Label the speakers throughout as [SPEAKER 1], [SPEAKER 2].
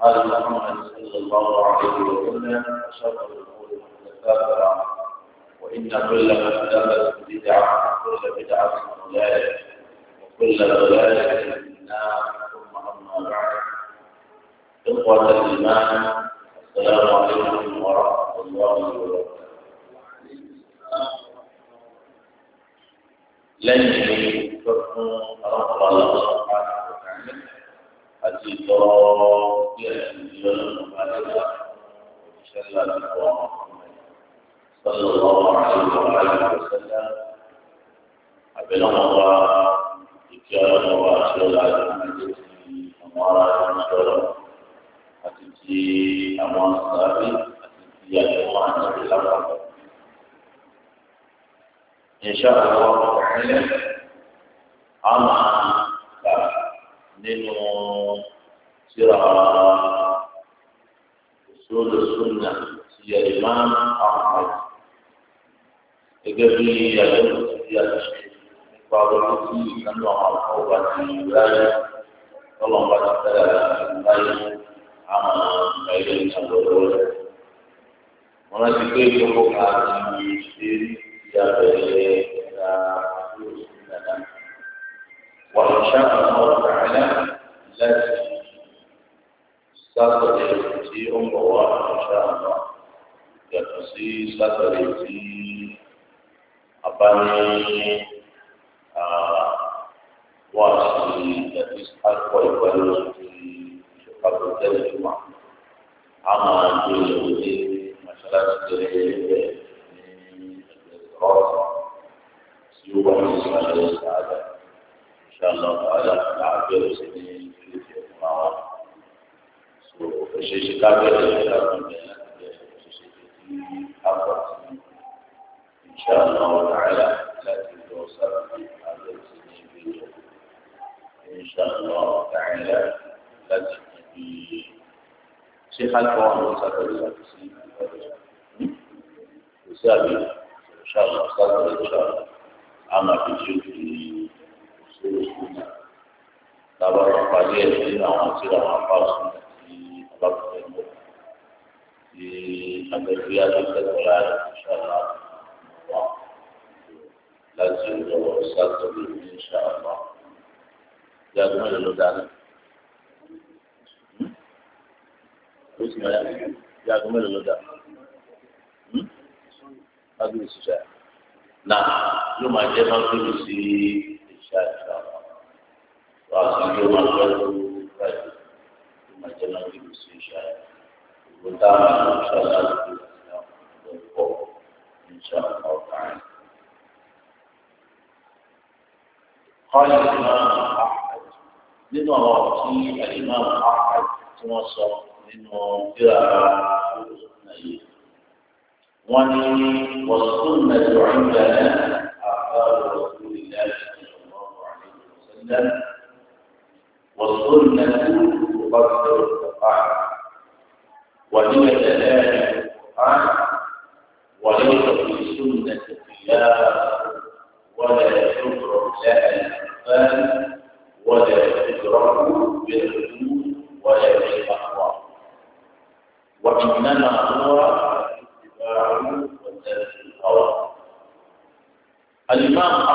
[SPEAKER 1] قال محمد صلى الله عليه وسلم وشر الأمور محدثاتها وإن كل محدثة بدعة وكل بدعة ضلالة
[SPEAKER 2] وكل ضلالة
[SPEAKER 1] في النار ثم أما بعد إخوة الإيمان السلام عليكم ورحمة الله وبركاته لن يكون رفض الله àti ìtọ́rọ bí ẹ̀sìn ní ọlọ́run bá dẹ́gbà òṣìṣẹ́ ńlá ti wọ sọ́dọ̀ lọ́wọ́ àìsàn àìsàn sẹ́lẹ̀ àbẹ̀lẹ̀ wọn wá ìkí ọlọ́run wá sí ọ̀la àti àwọn ará ìjọba àti ti àwọn sàbí àti ti àjọwọ́ àti lápapọ̀. إن شاء الله تعالى أما nínú síra usul sunnah ti Imam Ahmad gẹ́gẹ́ bí àyẹ̀wò ti a ti ṣe nípa ọdún tí ìkànnì àwọn ọba ti ráyè tọ́lọ́mọba ti tẹ̀lé ráyè àwọn ọmọ ilé ìjọba lọ́wọ́ wọn láti gbé ìjọba káàkiri ṣe ti abẹ́rẹ́ ìlà usul sunnah náà wàlúùṣà àwọn ọmọ. أعلم الذي سطر في أم الله إن شاء الله يقصي سطر في أباني واسي يقص أقوى يقول في شقاب الجمعة أما يقول لي مسألة الجريمة من الدراسة سيوبا من سؤال السعادة شاء الله تعالى العافية سنين في المعارض وشيء كافي إن شاء الله تعالى لا تتوصل هذا السنين فيديو إن شاء الله تعالى لا تتبي شيخ الكون وسافر إلى وسابي إن شاء الله صدر إن شاء الله عما في جيوب
[SPEAKER 2] tàbá tó parí ẹ̀ nínú àwọn tí àwọn
[SPEAKER 1] afáàsùn àti alákùnrin tí abẹ́fẹ́ akẹ́kọ̀ọ́ láti ṣàlá wà láti ọjọ́ sátọ̀dé ní ṣàlá. Ìyàgbọ́n ìlú ló dáná. Ó sì máa yàgbé. Ìyàgbọ́n mélòó ló dáná. Má bí o sì ṣe. Nà yóò máa jẹ́ máa bí o sì ṣe àjẹ́. وأخذ يوم الغد فجر ثم جنب يوسف إن شاء الله وتعالى إن شاء الله إن شاء الله تعالى قال الإمام أحمد nínú àwọn ọ̀tí àlìmáà Ahmad tí wọ́n sọ nínú kíláàbà ọ̀sùnà yìí. wọ́n ní ọ̀sùnà tó ń bẹ̀rẹ̀ àbá ọ̀sùn ìlà ìṣẹ̀lẹ̀ ọ̀rọ̀ àlejò sẹ́lẹ̀. والسنة تفسر القرآن وهي دلالة القرآن وليس في السنة خلاف ولا يضرب لها الأمثال ولا يضرب بالحدود ولا بالأقوال وإنما هو الاتباع وترك الهوى الإمام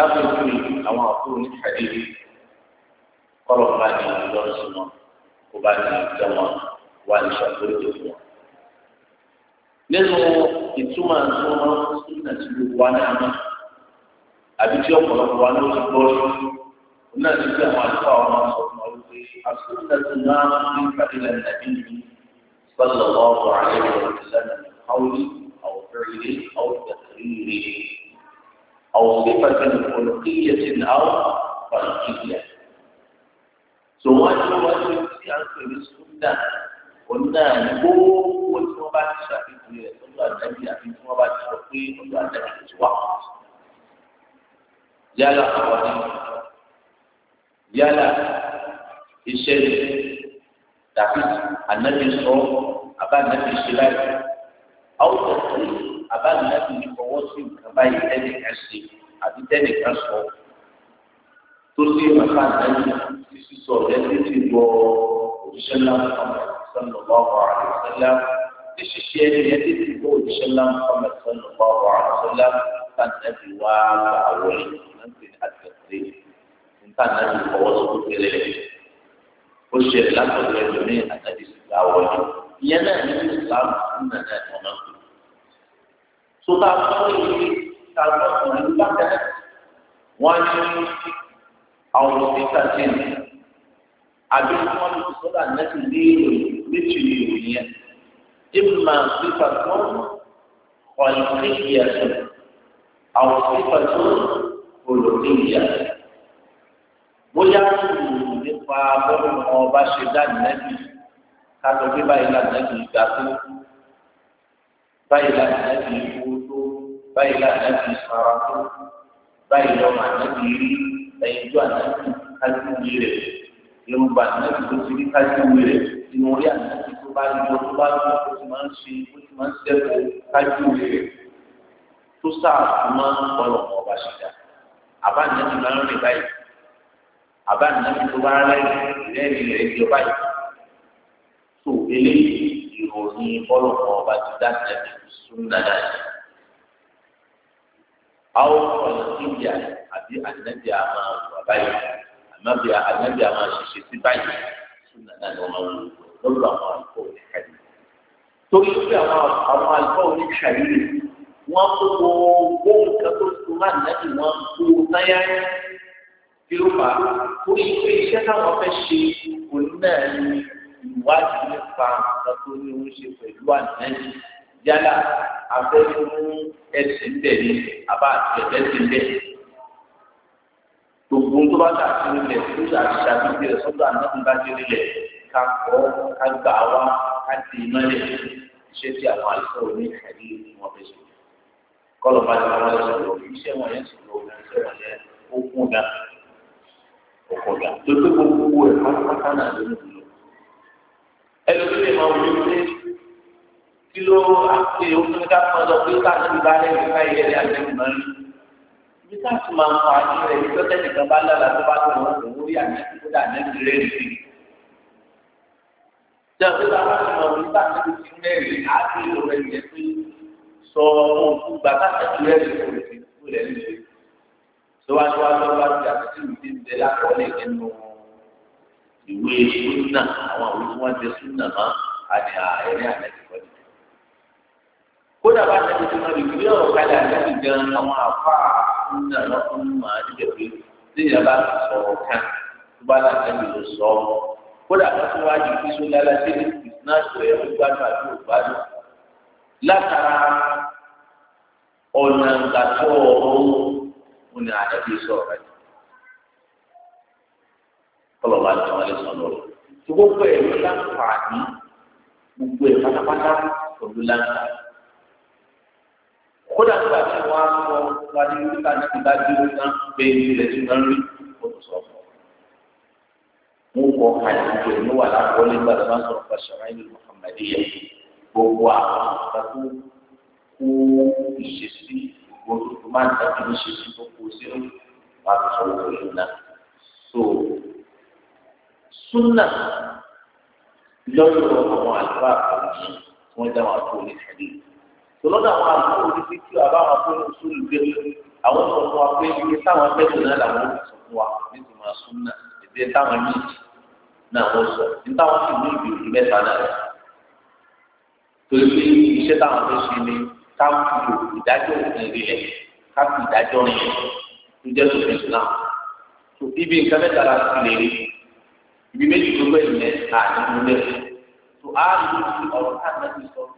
[SPEAKER 1] lápẹjù àwọn àkúrò ní kàdé kọlọ bá ní lọrọ sí wọn kó bá ní ìjọ wọn wà ní ṣàkóso tó fún wọn. nínú ìtumọ̀ àtúnmọ̀ súnà tí gbogbo wa náà mọ̀ àbí tí ọ̀pọ̀lọpọ̀ wa ló ti gbọ́ sí náà ti fi àwọn àlùfáà wọn sọ fún wọn wípé àsúnà tí máa ní kàdé lẹ́nu nàbí mi sọ́dọ̀ ọ̀rọ̀ àyẹ̀wò ìlànà àwòrán àwòrán ilé أو صفة خلقية أو فرقية
[SPEAKER 2] سواء واجب
[SPEAKER 1] في أنك السنة قلنا نبو ثم بعد يقول الله نبي أبي ثم بعد شافيه ثم النبي أجواء يلا أولي يلا الشيء تحيث النبي صلى الله عليه وسلم أبا النبي صلى أو تحيث àbánilẹ́bù ní fọwọ́ sí nǹkan báyìí tẹ́nìkan ṣe àti tẹ́nìkan sọ tó sí bàbá àtẹ́lẹ́ tí sísọ rẹ̀ ti ti wọ òṣìṣẹ́ láǹfààní sọ́nà lọ́wọ́ àrùsọ́lá tí ṣíṣe ẹni yẹn ti ti wọ òṣìṣẹ́ láǹfààní sọ́nà lọ́wọ́ àrùsọ́lá tàǹtẹ̀bì wá àwọ̀ ẹ̀ láǹtẹ̀ àtẹ̀tẹ̀ tàǹtẹ̀bì fọwọ́ sí kékeré
[SPEAKER 2] ó ṣe látọ̀dọ̀ ẹ̀dùn ní
[SPEAKER 1] àtẹ̀tẹ̀ ìgbà wọlé tó bá tọ́lé yìí kàgbọ́ ọ̀rẹ́ nígbà tẹ́ wọ́n ní àwọn òṣìṣẹ́ ṣe ní àbí wọ́n ní sọ́dà nẹ́tì ní awal méjì ní ìròyìn yẹn ìmọ̀ nípa tó ọ̀lẹ́ ìyá tó àwọn nípa tó olùdí ìyá bóyá báyìí lànà ti fara tó báyìí lọ́mọ ànábì rí ẹ̀yìn tó ànábì kájú wí rẹ̀ yorùbá ànábì tó ti rí kájú wí rẹ̀ inú orí ànábì tó bá yọ tó bá yọ tó ti máa ń ṣe tó ti máa ń sẹ́kọ̀ọ́ kájú wí rẹ̀ tó sáà tó máa ń bọ̀rọ̀ mọ́ ọba ṣẹ̀dá àbá ànábì máa ń rìn báyìí àbá ànábì tó bá rẹ̀ rẹ̀ jọ báyìí tó eléyìí ìròyìn bọ́lọ̀ mọ́ ọba ti dá àwọn ọ̀nàdíjà àbí ànábì àmà wà báyìí ànábì ànábì àmà ṣiṣẹ́ sí báyìí súnà náà ni wọ́n máa ń lò lọ́rọ̀ àwọn àlùfọ́ oníkàlì. torí pé àwọn àwọn àlùfọ́ oníkàlì wọ́n kó gbogbo nǹkan tó tún máa nábì wọ́n kó náyà kí ló fà á torí pé iṣẹ́ táwọn fẹ́ ṣe òun náà ìwádìí nípa nǹkan tó ní oúnjẹ pẹ̀lú ànábì yálà afẹ́ fún ẹsìn bẹ́ẹ̀ ni àbá àti ẹ̀jẹ̀ ti bẹ́ẹ̀. gbogbo tó bá dà sí ilẹ̀ tó dà sí àbíkí rẹ̀ sọ́dọ̀ àdéhùn bá dé nílẹ̀ ká kọ́ ká gbà wá ká di ìmọ̀lẹ̀ iṣẹ́ tí àwọn àìsàn òní àìrí wọn fẹ́ sọ. kọ́lọ̀ bá dàgbà wọn sọ̀rọ̀ iṣẹ́ wọn yẹn sọ̀rọ̀ òun iṣẹ́ wọn yẹn ó kún ga ọ̀pọ̀ ga tó tó gbogbo ẹ̀ pátápátá náà ló ń lò. ẹ kí ló àti òfin ká fún ọdọ pé ká tóbi bá lẹ́yìn ká yẹ ẹ̀rí àtẹ̀wọ̀n náà rí. ibi tá a ti máa ń fa ní rẹ̀ ní tọ́tẹ́ nìkan bá lára tó bá tó wọn lòún rí àmì kódà lẹ́yìn rẹ̀ rí. jẹ́wọ́n tó bá wọn lọ rí bá tó ti mẹ́rin àti ìlú rẹ̀ yẹ pé sọ ohun gbà bá tó rẹ̀ rí kò sí kó lẹ́ rí rí. síwájú wájú wá ti àtúntì ìdí lákọọ́lẹ̀ nínú ìwé sunna àwọn òwe tí sunna máa àti kódà bá tẹ̀lé tí wọ́n rìbí ọ̀rọ̀ kalẹ̀ àgbẹ̀bí gan àwọn àfa ńlá lọ́kùn máa ń jẹ̀bi tí ìyàbá ti sọ̀rọ̀ kan tó bá làtẹ̀lé ló sọ ọ́ kódà bá tó wá ju fíṣó lálá tí ní ìsinájú ẹ̀ ń gbádùn àti ògbádùn látara ọ̀nà ìgbàtọ̀ ọ̀hún òun ni àdàbí sọ̀rọ̀ rẹ̀ kọlọ̀ bá jẹ́ wọn sọ lọ́rọ̀ tí gbogbo ẹ̀ ló láǹfààní gbogbo ẹ̀ pátápátá kódà tó bàbá ìwọ aṣọ wájú nípa ní ìgbà tí ó tán pé ilẹ̀ tí wọ́n rí kó tó sọ fún un. mo kọ àyànjọ ìlú wà lákọọ́lẹ̀ nígbà tó máa ń sọ̀rọ̀ fàṣọra muhammadu yẹn gbogbo àwọn àgbà tó ìṣesí gbogbo tó máa ń tàbí ìṣesí tó kó sínú wà á sọ wọ́n lórí náà. so súnà lọ́yọ̀ àwọn àlùfáà kan ní wọ́n dá wọn tó ní kàdé tòlọ́dọ̀ àwọn àbúrò títí tí àbáwọn afọ́nù sùúrù dé àwọn sọ fún wa pé ibi táwọn akẹ́kọ̀ọ́ náà làwọn ò sọ fún wa nítorí máa sún náà ìdí táwọn méjì náà wọ́n sọ ní táwọn sì ní ìbèrè mẹ́ta náà torí pé iṣẹ́ táwọn fẹ́ ṣe ni káwọn lò ìdájọ́ òfin ìrìnlẹ̀ káwọn ìdájọ́ rìn tó jẹ́ sófin Islam tó ibi nǹkan mẹ́ta la ti lè rí ibi méjì tó gbẹ̀yìn mẹ́ta àti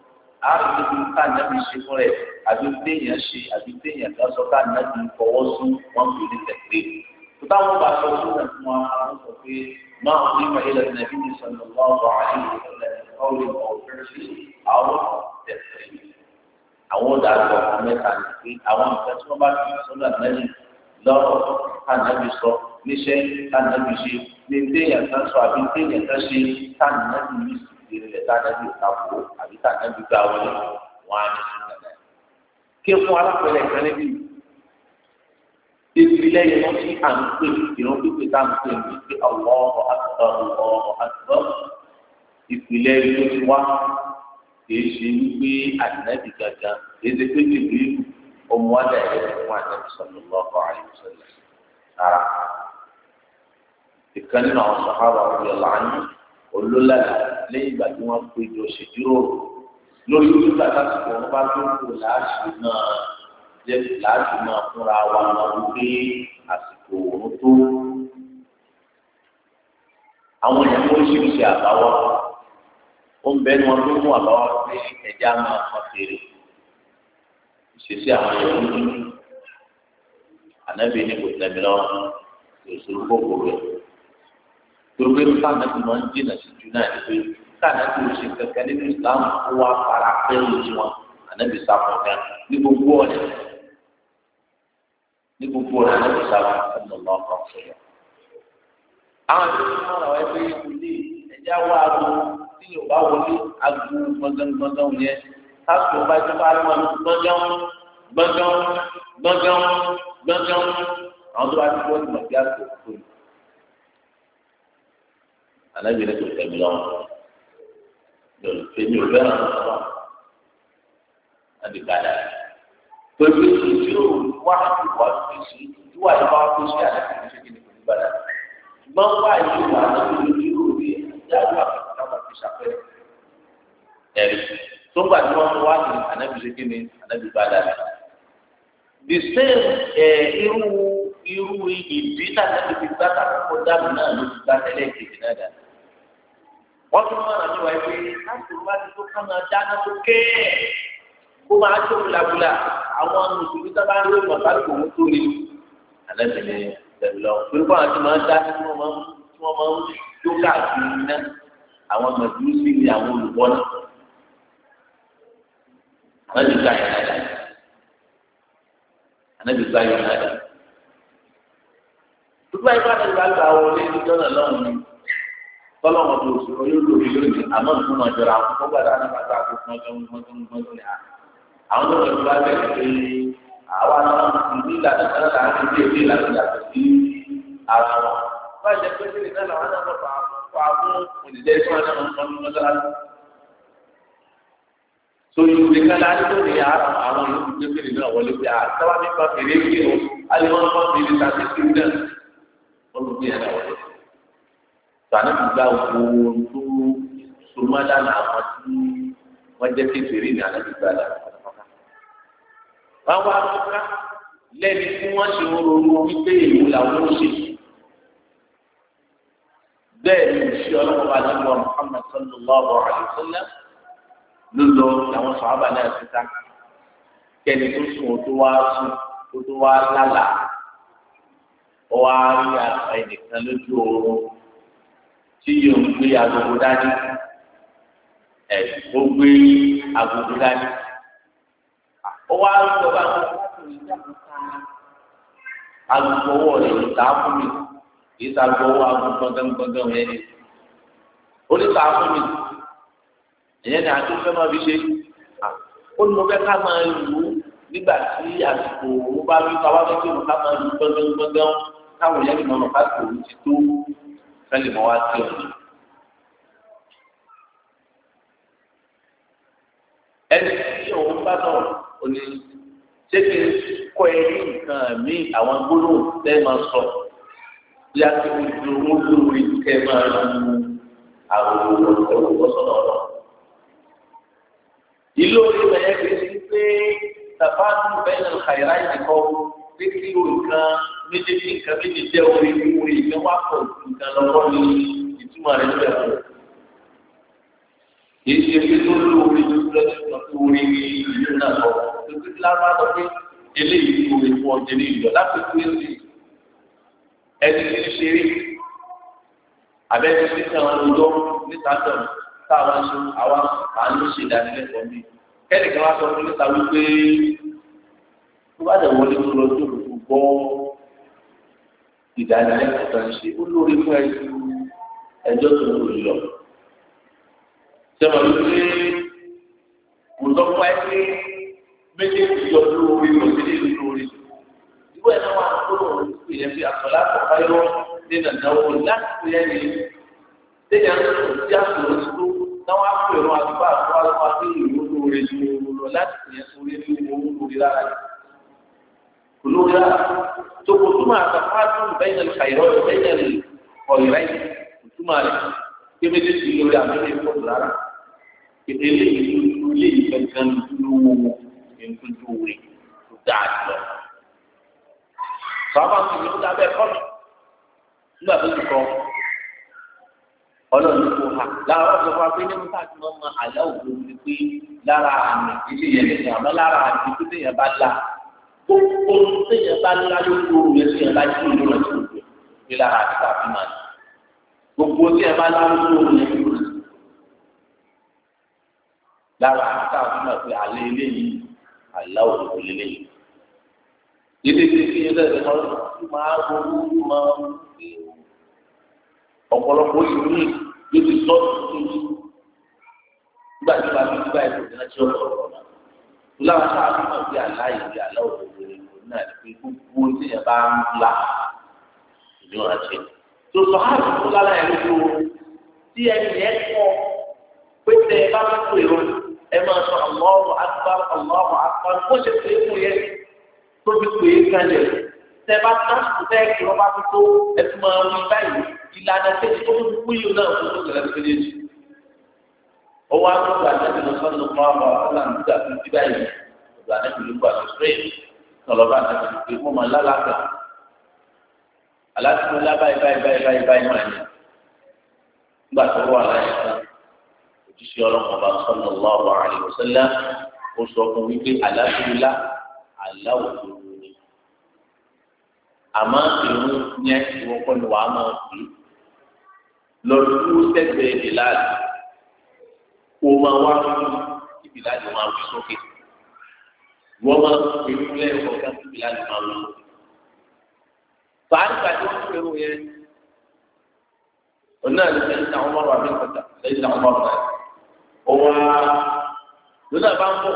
[SPEAKER 1] àrùn tó ká nàbì ṣe fún rẹ àbí téèyàn ṣe àbí téèyàn kan sọ ká nàbì fọwọ́ sí wọn fi ní tẹ̀lé. tó táwọn bá sọ fún ẹ̀ fún wa àwọn sọ pé máa ń rí màá ilẹ̀ nàbí ní sọ̀nà lọ́wọ́ àárín ìrọ̀lẹ́ ọ̀rẹ́ ọ̀rẹ́ sí àwọn tẹ̀lé. àwọn dàgbà ọ̀hún mẹ́ta ní pé àwọn nǹkan tí wọ́n bá fi sọ níṣẹ́ ká nàbì ṣe ní téèyàn sọ ti rinlẹ̀ sànàbí ìtàkùn àbí sànàbí gbà wọlé wọn á ní sùnà náà. kí fún alápẹ̀lẹ̀ kan níbí bíbí lẹ́yìn wọn sí à ń pè ìran pípé tá à ń pè ní pé ọlọ́ọ̀ àtọ́ ọlọ́ọ̀ àtọ́ ìpìlẹ̀ ìlú ti wá kìí ṣe wípé ànábì gàgà èdè pé jìbìrì ọmọ àdá ẹ̀rọ fún ànábì sallallahu alaihi wasallam rárá. ìkànnì náà sọ̀rọ̀ àwọn ọ̀rẹ́ lánàá olólàlà lẹ́yìn ìgbà tí wọ́n péjọ ṣèjúròrò lórí nígbà láti kọ́ ọ́n bá tó kù láàṣì náà jẹ́ láàṣì náà fúnra wa máa ń gbé àsìkò òun tó. àwọn èèyàn tó ṣèṣe àbáwá ó ń bẹ́ẹ̀ ni wọ́n tó mú àbáwá pé ẹ̀já máa kàn fèrè ìṣesí àwọn èèyàn lójú ànábì kò tẹ̀mí lọ́wọ́ kò sí gbogbo rẹ̀ torógbé ló sáà nàbì máa ń jìnà sí ju náà nípe sáà nàbì ò ṣe kankan nínú ìsìlámù ó wá fara pẹ́ lójú wọn ànábì sáfún kan ní gbogbo ọ̀nà ní gbogbo ọ̀nà ànábì sáfún kan lọ́wọ́ kan sọ̀rọ̀. àwọn ìlú ní mọ̀ràn wáyé pé ìwúlé ẹ̀já wá aago tí yóò bá wọlé aago gbọ̀ngàngbọ̀ngàn yẹn káàtó bá tó bá lọ́wọ́ gbọ̀ngàn gbọ̀ngàn gbọ̀ngàn gbọ̀ngàn àwọn tó bá ti wọ́n ti mọ̀ anábì ní kò tẹ̀mí lọ́wọ́ mi ò tẹ̀mí ò fẹ́ràn lọ́wọ́ láti padà pẹ̀lú ìṣòro wà wà fi sí ìwà ìwà fi sí àlàkà ní ṣẹ́gi ní kò ní padà ṣùgbọ́n wà ìṣòro àti ìṣòro rí ìdájọ́ àkàtà náà fi ṣàpẹ́ ẹ̀rí tó gbà tí wọ́n wá ní anábì ṣẹ́gi ní anábì padà the same irú irú ìdí tàbí ìdí tàbí kó dàbí náà ló ti gbà tẹ́lẹ̀ kejì náà dàbí wọ́n tún mọ̀ràn ní wáyé pé láti wá ti tó kánà dáná tó kéè kó máa tó wulawula àwọn mùsùlùmí sábà ń lóyún ọ̀tá lóko wọn tó rí alẹ́bìnrin tẹ̀lé lọ torí báwọn ti máa ń dá tí wọ́n máa ń tí wọ́n máa ń tó káàkiri iná àwọn mọ̀tìrú sí ni àwọn olùkọ́ náà
[SPEAKER 2] anabi gba yẹn lada
[SPEAKER 1] anabi gba yẹn lada gbogbo ayé wọn anabi gba wọlé ní dọ́là lọ́wọ́ mi tọ́lọ̀ wọn tó oṣù olóòlò mi lónìí àmọ́ nǹkan náà jọra àwọn tó gbàdá náà bàtà kó fún ọjọ́ gbọ́ngbọ́ngbọ́n ní à. àwọn tó wọn bá bẹ̀rẹ̀ pé àwa náà ní ìlànà náà là ń fi dé ìlànà yàtọ̀ sí àwọn. wọ́n jẹ́ pé sílẹ̀ náà làwọn náà lọ fà fún òdìdẹ́ tí náà ń fọ́n mọ́ sára. so ìwé kálá tó ní àwọn yóò fi gbé náà wọlé pé àtàwọn nípa fèrè kí o alẹ́ wọn sànàbí gba òkú tó sọmọdà náà wọn tí wọn jẹ kékeré ní ànàbí gba là. báwa kọ́ká lẹ́ni tí wọ́n ṣe ń ronú wípé èyí làwọn ó ṣe. bẹ́ẹ̀ ni òṣìṣẹ́ ọlọ́run bá ní wọn Muhammad sallallahu alayhi wa sallam ló lọ làwọn sọ̀hábà náà ti ta kẹ́ni tó sùn ó tó wá sùn ó tó wá lálàá ó wá rí àgbà ẹnìkan lójú oorun tí yóò gbé agogo dání ẹ ó gbé agogo dání ó wá lọ bá agogo ọwọ́ rẹ̀ yìí tá a fún mi yìí tá a gbọ́ ọwọ́ agogo gbọ̀ngàn yẹn ni ó ní tá a fún mi ìyẹn ni àti fẹ́ máa fi ṣe ó ní mo fẹ́ ká máa lù ú nígbà tí àsìkò òun bá wí ká wá fẹ́ kí òun ká máa lù ú gbọ̀ngàn gbọ̀ngàn káwọn yẹn ni mo lọ ká tòun ti tó kálí mọ́ wá sí òní. ẹni tí òun bá náà ò ní ṣé kí n kọ́ ẹ ní nǹkan mí àwọn gbólóhùn tẹ́ máa sọ bí a ti fi ju owó lórí kẹ́ máa lu àwọn olùkọ́ sọ̀rọ̀ lọ. ìlú orí rẹ̀ yẹ pé tàbá ń bẹ́ẹ̀ ní kàìrá ìdíkọ́ pé kí nǹkan méjèèjì nǹkan méjèèjì jẹ́ orí orí ìgbẹ́ wà pọ̀ nǹkan lọ́wọ́ ní ìtumọ̀ rẹ̀ lọ́wọ́ rẹ̀. kì í ṣe pé tó ló orí tó lọ́wọ́ sọ pé orí ní ìlú náà lọ tó ti lára lọ pé eléyìí orí fún ọjọ́ ní ìlú láti fi ẹsẹ̀ ẹni tí ń ṣeré abẹ́ni tí kàn án níta tọ̀ táwọn aṣọ àwọn àánú ṣe ìdánilẹ́kọ̀ọ́ mi kẹ́nìkan wá sọ fún níta wípé tó bá dẹ̀ wọlé tó lọ tó gbọ́ ìdánilẹ́kọ̀ọ́ tó ń ṣe ó lórí fún ẹjọ́ ẹjọ́ tó ń lò lọ. sẹ́wọ̀n ló ṣe kò sọ fún ẹ pé méjèèjì yọ lórí lórí lórí. ìwé ẹ̀ náà wà lórí òun ìyẹn fi àtọ̀lá àtọ̀lá yọ ní nàdáwó láti fi ẹni téèyàn ń sọ sí tó táwọn àpèrò àtúbà àtúbà àtúbà tó ìlú lórí lórí lọ láti fi ẹ̀ sórí ní lórí lára yìí. كلها تقسمها تفاصيل بين الخيرات بين الخيرين قسمها لك كما تسمي لها من يقول لها كتلي يقولي فكان تلو يمكن توري وتعد له صعبا تقول لها بأخر لا بأخر ọlọ́run kò hà lára ọ̀sọ̀ fún abẹ́lé mú káàkiri wọn mọ àlá òkú ni pé lára àmì ilé yẹn lè sàn àmọ́ lára àmì tó lè yẹn bá la gbogbo sèyàn bá ní láyé kúrò yẹn sèyàn bá jí ìlú rẹ tó gbé ní lára àtìkà fi máa ní gbogbo sèyàn bá láyé kúrò yẹn tó gbé lára àtìkà fi máa fi àlẹ́ ilé yìí àlá òkú lélẹ̀ yìí. Yíyí ti fi ilé ẹ̀ lọ sí máa ronú máa ń fi ọ̀pọ̀lọpọ̀ oṣù ní yóò ti sọ tuntun yìí. Nígbà tí wàá fi gbígbà ìlú ìdájọ́ ọ̀rọ̀ náà. Lára àtìkà fi àlá ìlú àlá òkú náà ní pé gbogbo tí ẹ bá ń la ìlú àti tó sọ àti tó lálẹ́ ẹ̀ lójú tí ẹni yẹn kọ́ pé tẹ ẹ bá ń kó èrò ẹ máa sọ Allahu akbar Allahu akbar bó ṣe pé kú yẹn tó fi pè é kalẹ̀ tẹ bá tán tẹ ẹ kí wọ́n bá tó ẹ tún máa wí báyìí ìlànà tẹ̀sí tó ń wúyò náà fún tó tẹ̀lé tó lé jù owó akókò àtẹ̀sí lọ́sọ̀rọ̀ lọ́wọ́ àwọn ọ̀sán nígbà tó ti báyìí ìgbà náà kò ní kó lọlọba àti ìgbé mọ màá lálàkà aláàtúmọ̀ ńlá báyìí báyìí báyìí báyìí báyìí máa yẹ nígbà tó wà láyé kan ojúṣe ọlọ́mọ bá sọ́nà lọ́wọ́ àlèwòsánlá ó sọ fún wípé aláàtúmọ̀ ńlá aláwọ̀ lóru ni àmọ́ èrò yẹn ìwọ kọ́ ni wàá máa fi lọ́dún sẹ́gbẹ̀ẹ́ ìlàlẹ̀ kó máa wá fún ìbílẹ̀ àti máa fi sókè wọ́n máa ń fi ilé ẹ̀kọ́ ká síbi láti máa lọ. Fàánù àti wọ́n fi ewu yẹn. Òun náà ní sẹ́yìn náà wọ́n wà ní ìkọ̀tà sẹ́yìn náà wọ́n wà. Ọwọ́ lónà bá ń bọ̀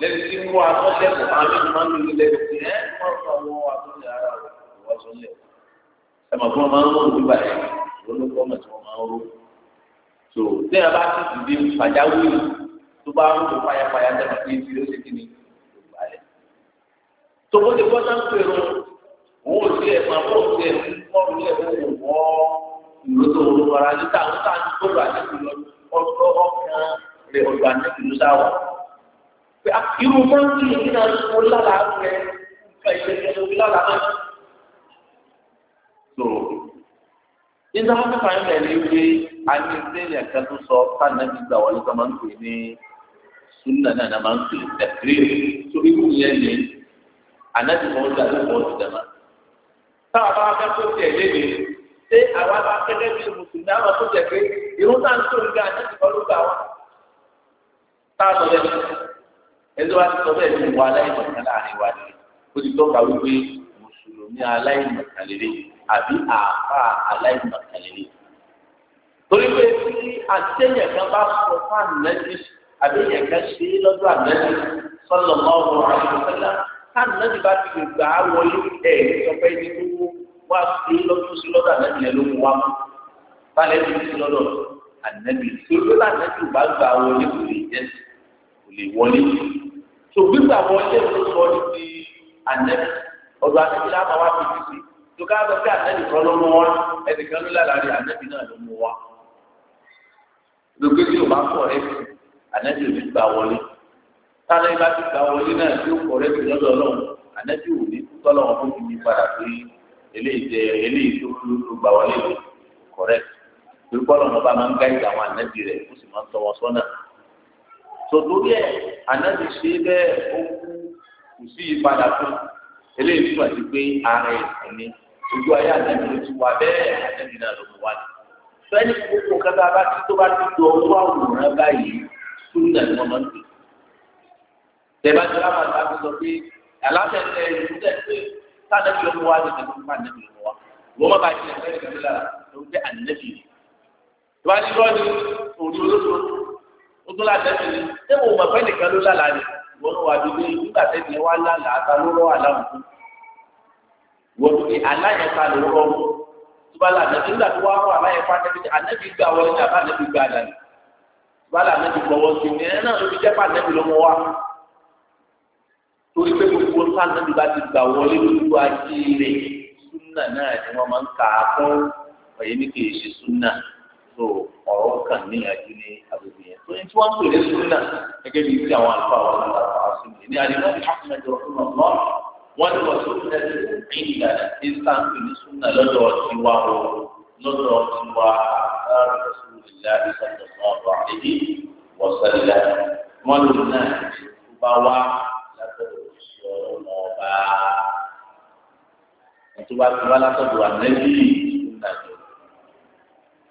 [SPEAKER 1] lẹ́nu tí ń wọ àtọ́lẹ̀ kò máa ń lò máa ń lò lẹ́nu tí ẹ̀ ń wọ́n sọ wọ́n àtọ́lẹ̀ ara rẹ̀ wọ́n sọ lẹ̀. Ẹ mà fún ọ máa ń wọ́n òbí bàyẹ̀ olókọ́ mọ̀ tí wọ́n máa ń ró. So, tí a bá ti dìde pàjáwìrì tó bá ń lò fàyàfàyà tẹ̀lé tòwó ti bọ́sà ń pèrò owó tilẹ̀ pàpọ̀ tilẹ̀ mọ́rù ilẹ̀ fún wọ́ ìlótò olùkọ́ra níta níta tó lọ àdéhùn lọ ọjọ́ ọkàn rẹ̀ ọjọ́ àdéhùn ló sáwọ́. irú mọ́tì yìí náà ó lára rẹ̀ nǹkan ìṣẹ̀lẹ̀ ló fi lára rẹ̀. tó nígbà wọn fẹ́ràn ẹ̀ lè wé ayé ìdílé ẹ̀ka tó sọ fáànàbí gbà wọlé tó máa ń pè ní súnà náà máa ń pè ní tẹ̀kírì tó irú yẹn ní ànábì kan ó dàbí kan ó ti dàmà. táwa bá fẹ́ kó tiẹ̀ léde ṣé àwa bá kẹ́kẹ́ bí mùsùlùmí àwọn tó jẹ pé irun náà ń tóbi gan ànábì kan ló gbà wá. táà sọ bẹ́ẹ̀ ẹni wá ti sọ bẹ́ẹ̀ ní ìwà aláìmọ̀kan láàrin wa ni ó ti tọ́ka wípé mùsùlùmí aláìmọ̀kan lè àbí àáfà aláìmọ̀kan lè torí pé tí àtẹ̀yẹ̀ kan bá sọ fún ànẹ́bí àbí ẹ̀yẹ̀ kan ṣe é lọ́dọ̀ ànẹ́bí sọ́lọ́ mọ́ ọ̀rọ̀ àyè táàmù náà ti bá ti lè gbà á wọlé ẹ̀ ìsọpẹ́ ẹni tó wá sí lọ́dún sí lọ́dọ̀ ànábì yẹn ló mú wá mú balẹ̀ tó sí lọ́dọ̀ ànábì tòló lànábì bá gbà wọlé kò lè jẹ́ kò lè wọlé tó gbígbà wọlé ló sọ ní ti ànábì ọ̀dọ̀ ànábì láwọn wá fi ti tó ká lọ sí ànábì kan ló mú wá ẹnìkan ló lára rí ànábì náà ló mú wá gbogbo tí o bá ànábì ò sáré bá ti gbà wọlé náà yóò kọ̀ rẹ́ tó lọ́dọ̀ náà ànájú òní tọ́lọ̀ wọn fún mi padà pé eléyìí tẹ eléyìí tó kú ló gbà wọlé mi correct torí kọ́lọ̀ wọn bá máa ń gáìdì àwọn ànájú rẹ̀ ó sì máa ń tọ́ wọn sọ́nà. tòtòrí ẹ̀ ànájú ṣe bẹ́ẹ̀ ó kú kò sí ìpadà fún eléyìí tó àti pé ara ẹ̀ ní ojú ayé ànájú ló ti wà bẹ́ẹ̀ ànájú náà ló mú wá ní. fẹ́ẹ́ni gbogbo kẹta bá ti tó bá ti tẹ̀bá jọ láwọn àgbà sọ pé aláfẹ̀fẹ̀ ìrúdẹ̀ pé ọmọ wa lè tẹ̀lé fún ànẹ́bí ọmọ wa wọ́n má bàa jìnnà fẹ́rẹ̀ kẹ́lẹ́ lára ló ń ànẹ́bí rẹ̀. ìwà ní lọ́ọ̀ni òní olóso ó tún láti ẹ̀sìn ṣé mo mọ̀ fẹ́ nìkan ló lálàá ni wọ́n wà lóde nígbà tẹ́tì wá lálàá ta ló rọ́ àláwọ̀ fún. wọ́n ti aláyẹ̀ká ló rọ́ mú tubala ànẹ́bí nígbà tó wá rọ́ aláyẹ̀ká ànẹ́bí gbà wọlé ní àbá ànẹ́bí gbà dànù tubala ànẹ́bí gbọ́wọ́ sí ní ẹ̀ náà ló fi jẹ́ fún torí pé gbogbo sáà ti bá ti gbà wọlé lójú ajé rẹ̀ súnà náà ni wọ́n máa ń kà á fún ọ̀yẹ́ ní kì í ṣe súnà tó ọ̀rọ̀ kàn níyànjú ní agbègbè yẹn tó ní tí wọ́n ń pèlè súnà gẹ́gẹ́ bí ti àwọn àlùfáà wọn nígbà tó wá sí mi ní àdìmọ́ ní ahmed ọ̀fúnà náà wọ́n ní wọ́n súnà ti rìn ìlànà tí sáà pèlè súnà lọ́dọ̀ tiwa o lọ́dọ̀ tiwa àtàrà bá wọn tó bá fi wá látọ̀dọ̀ ànẹ́bí ìdájọ́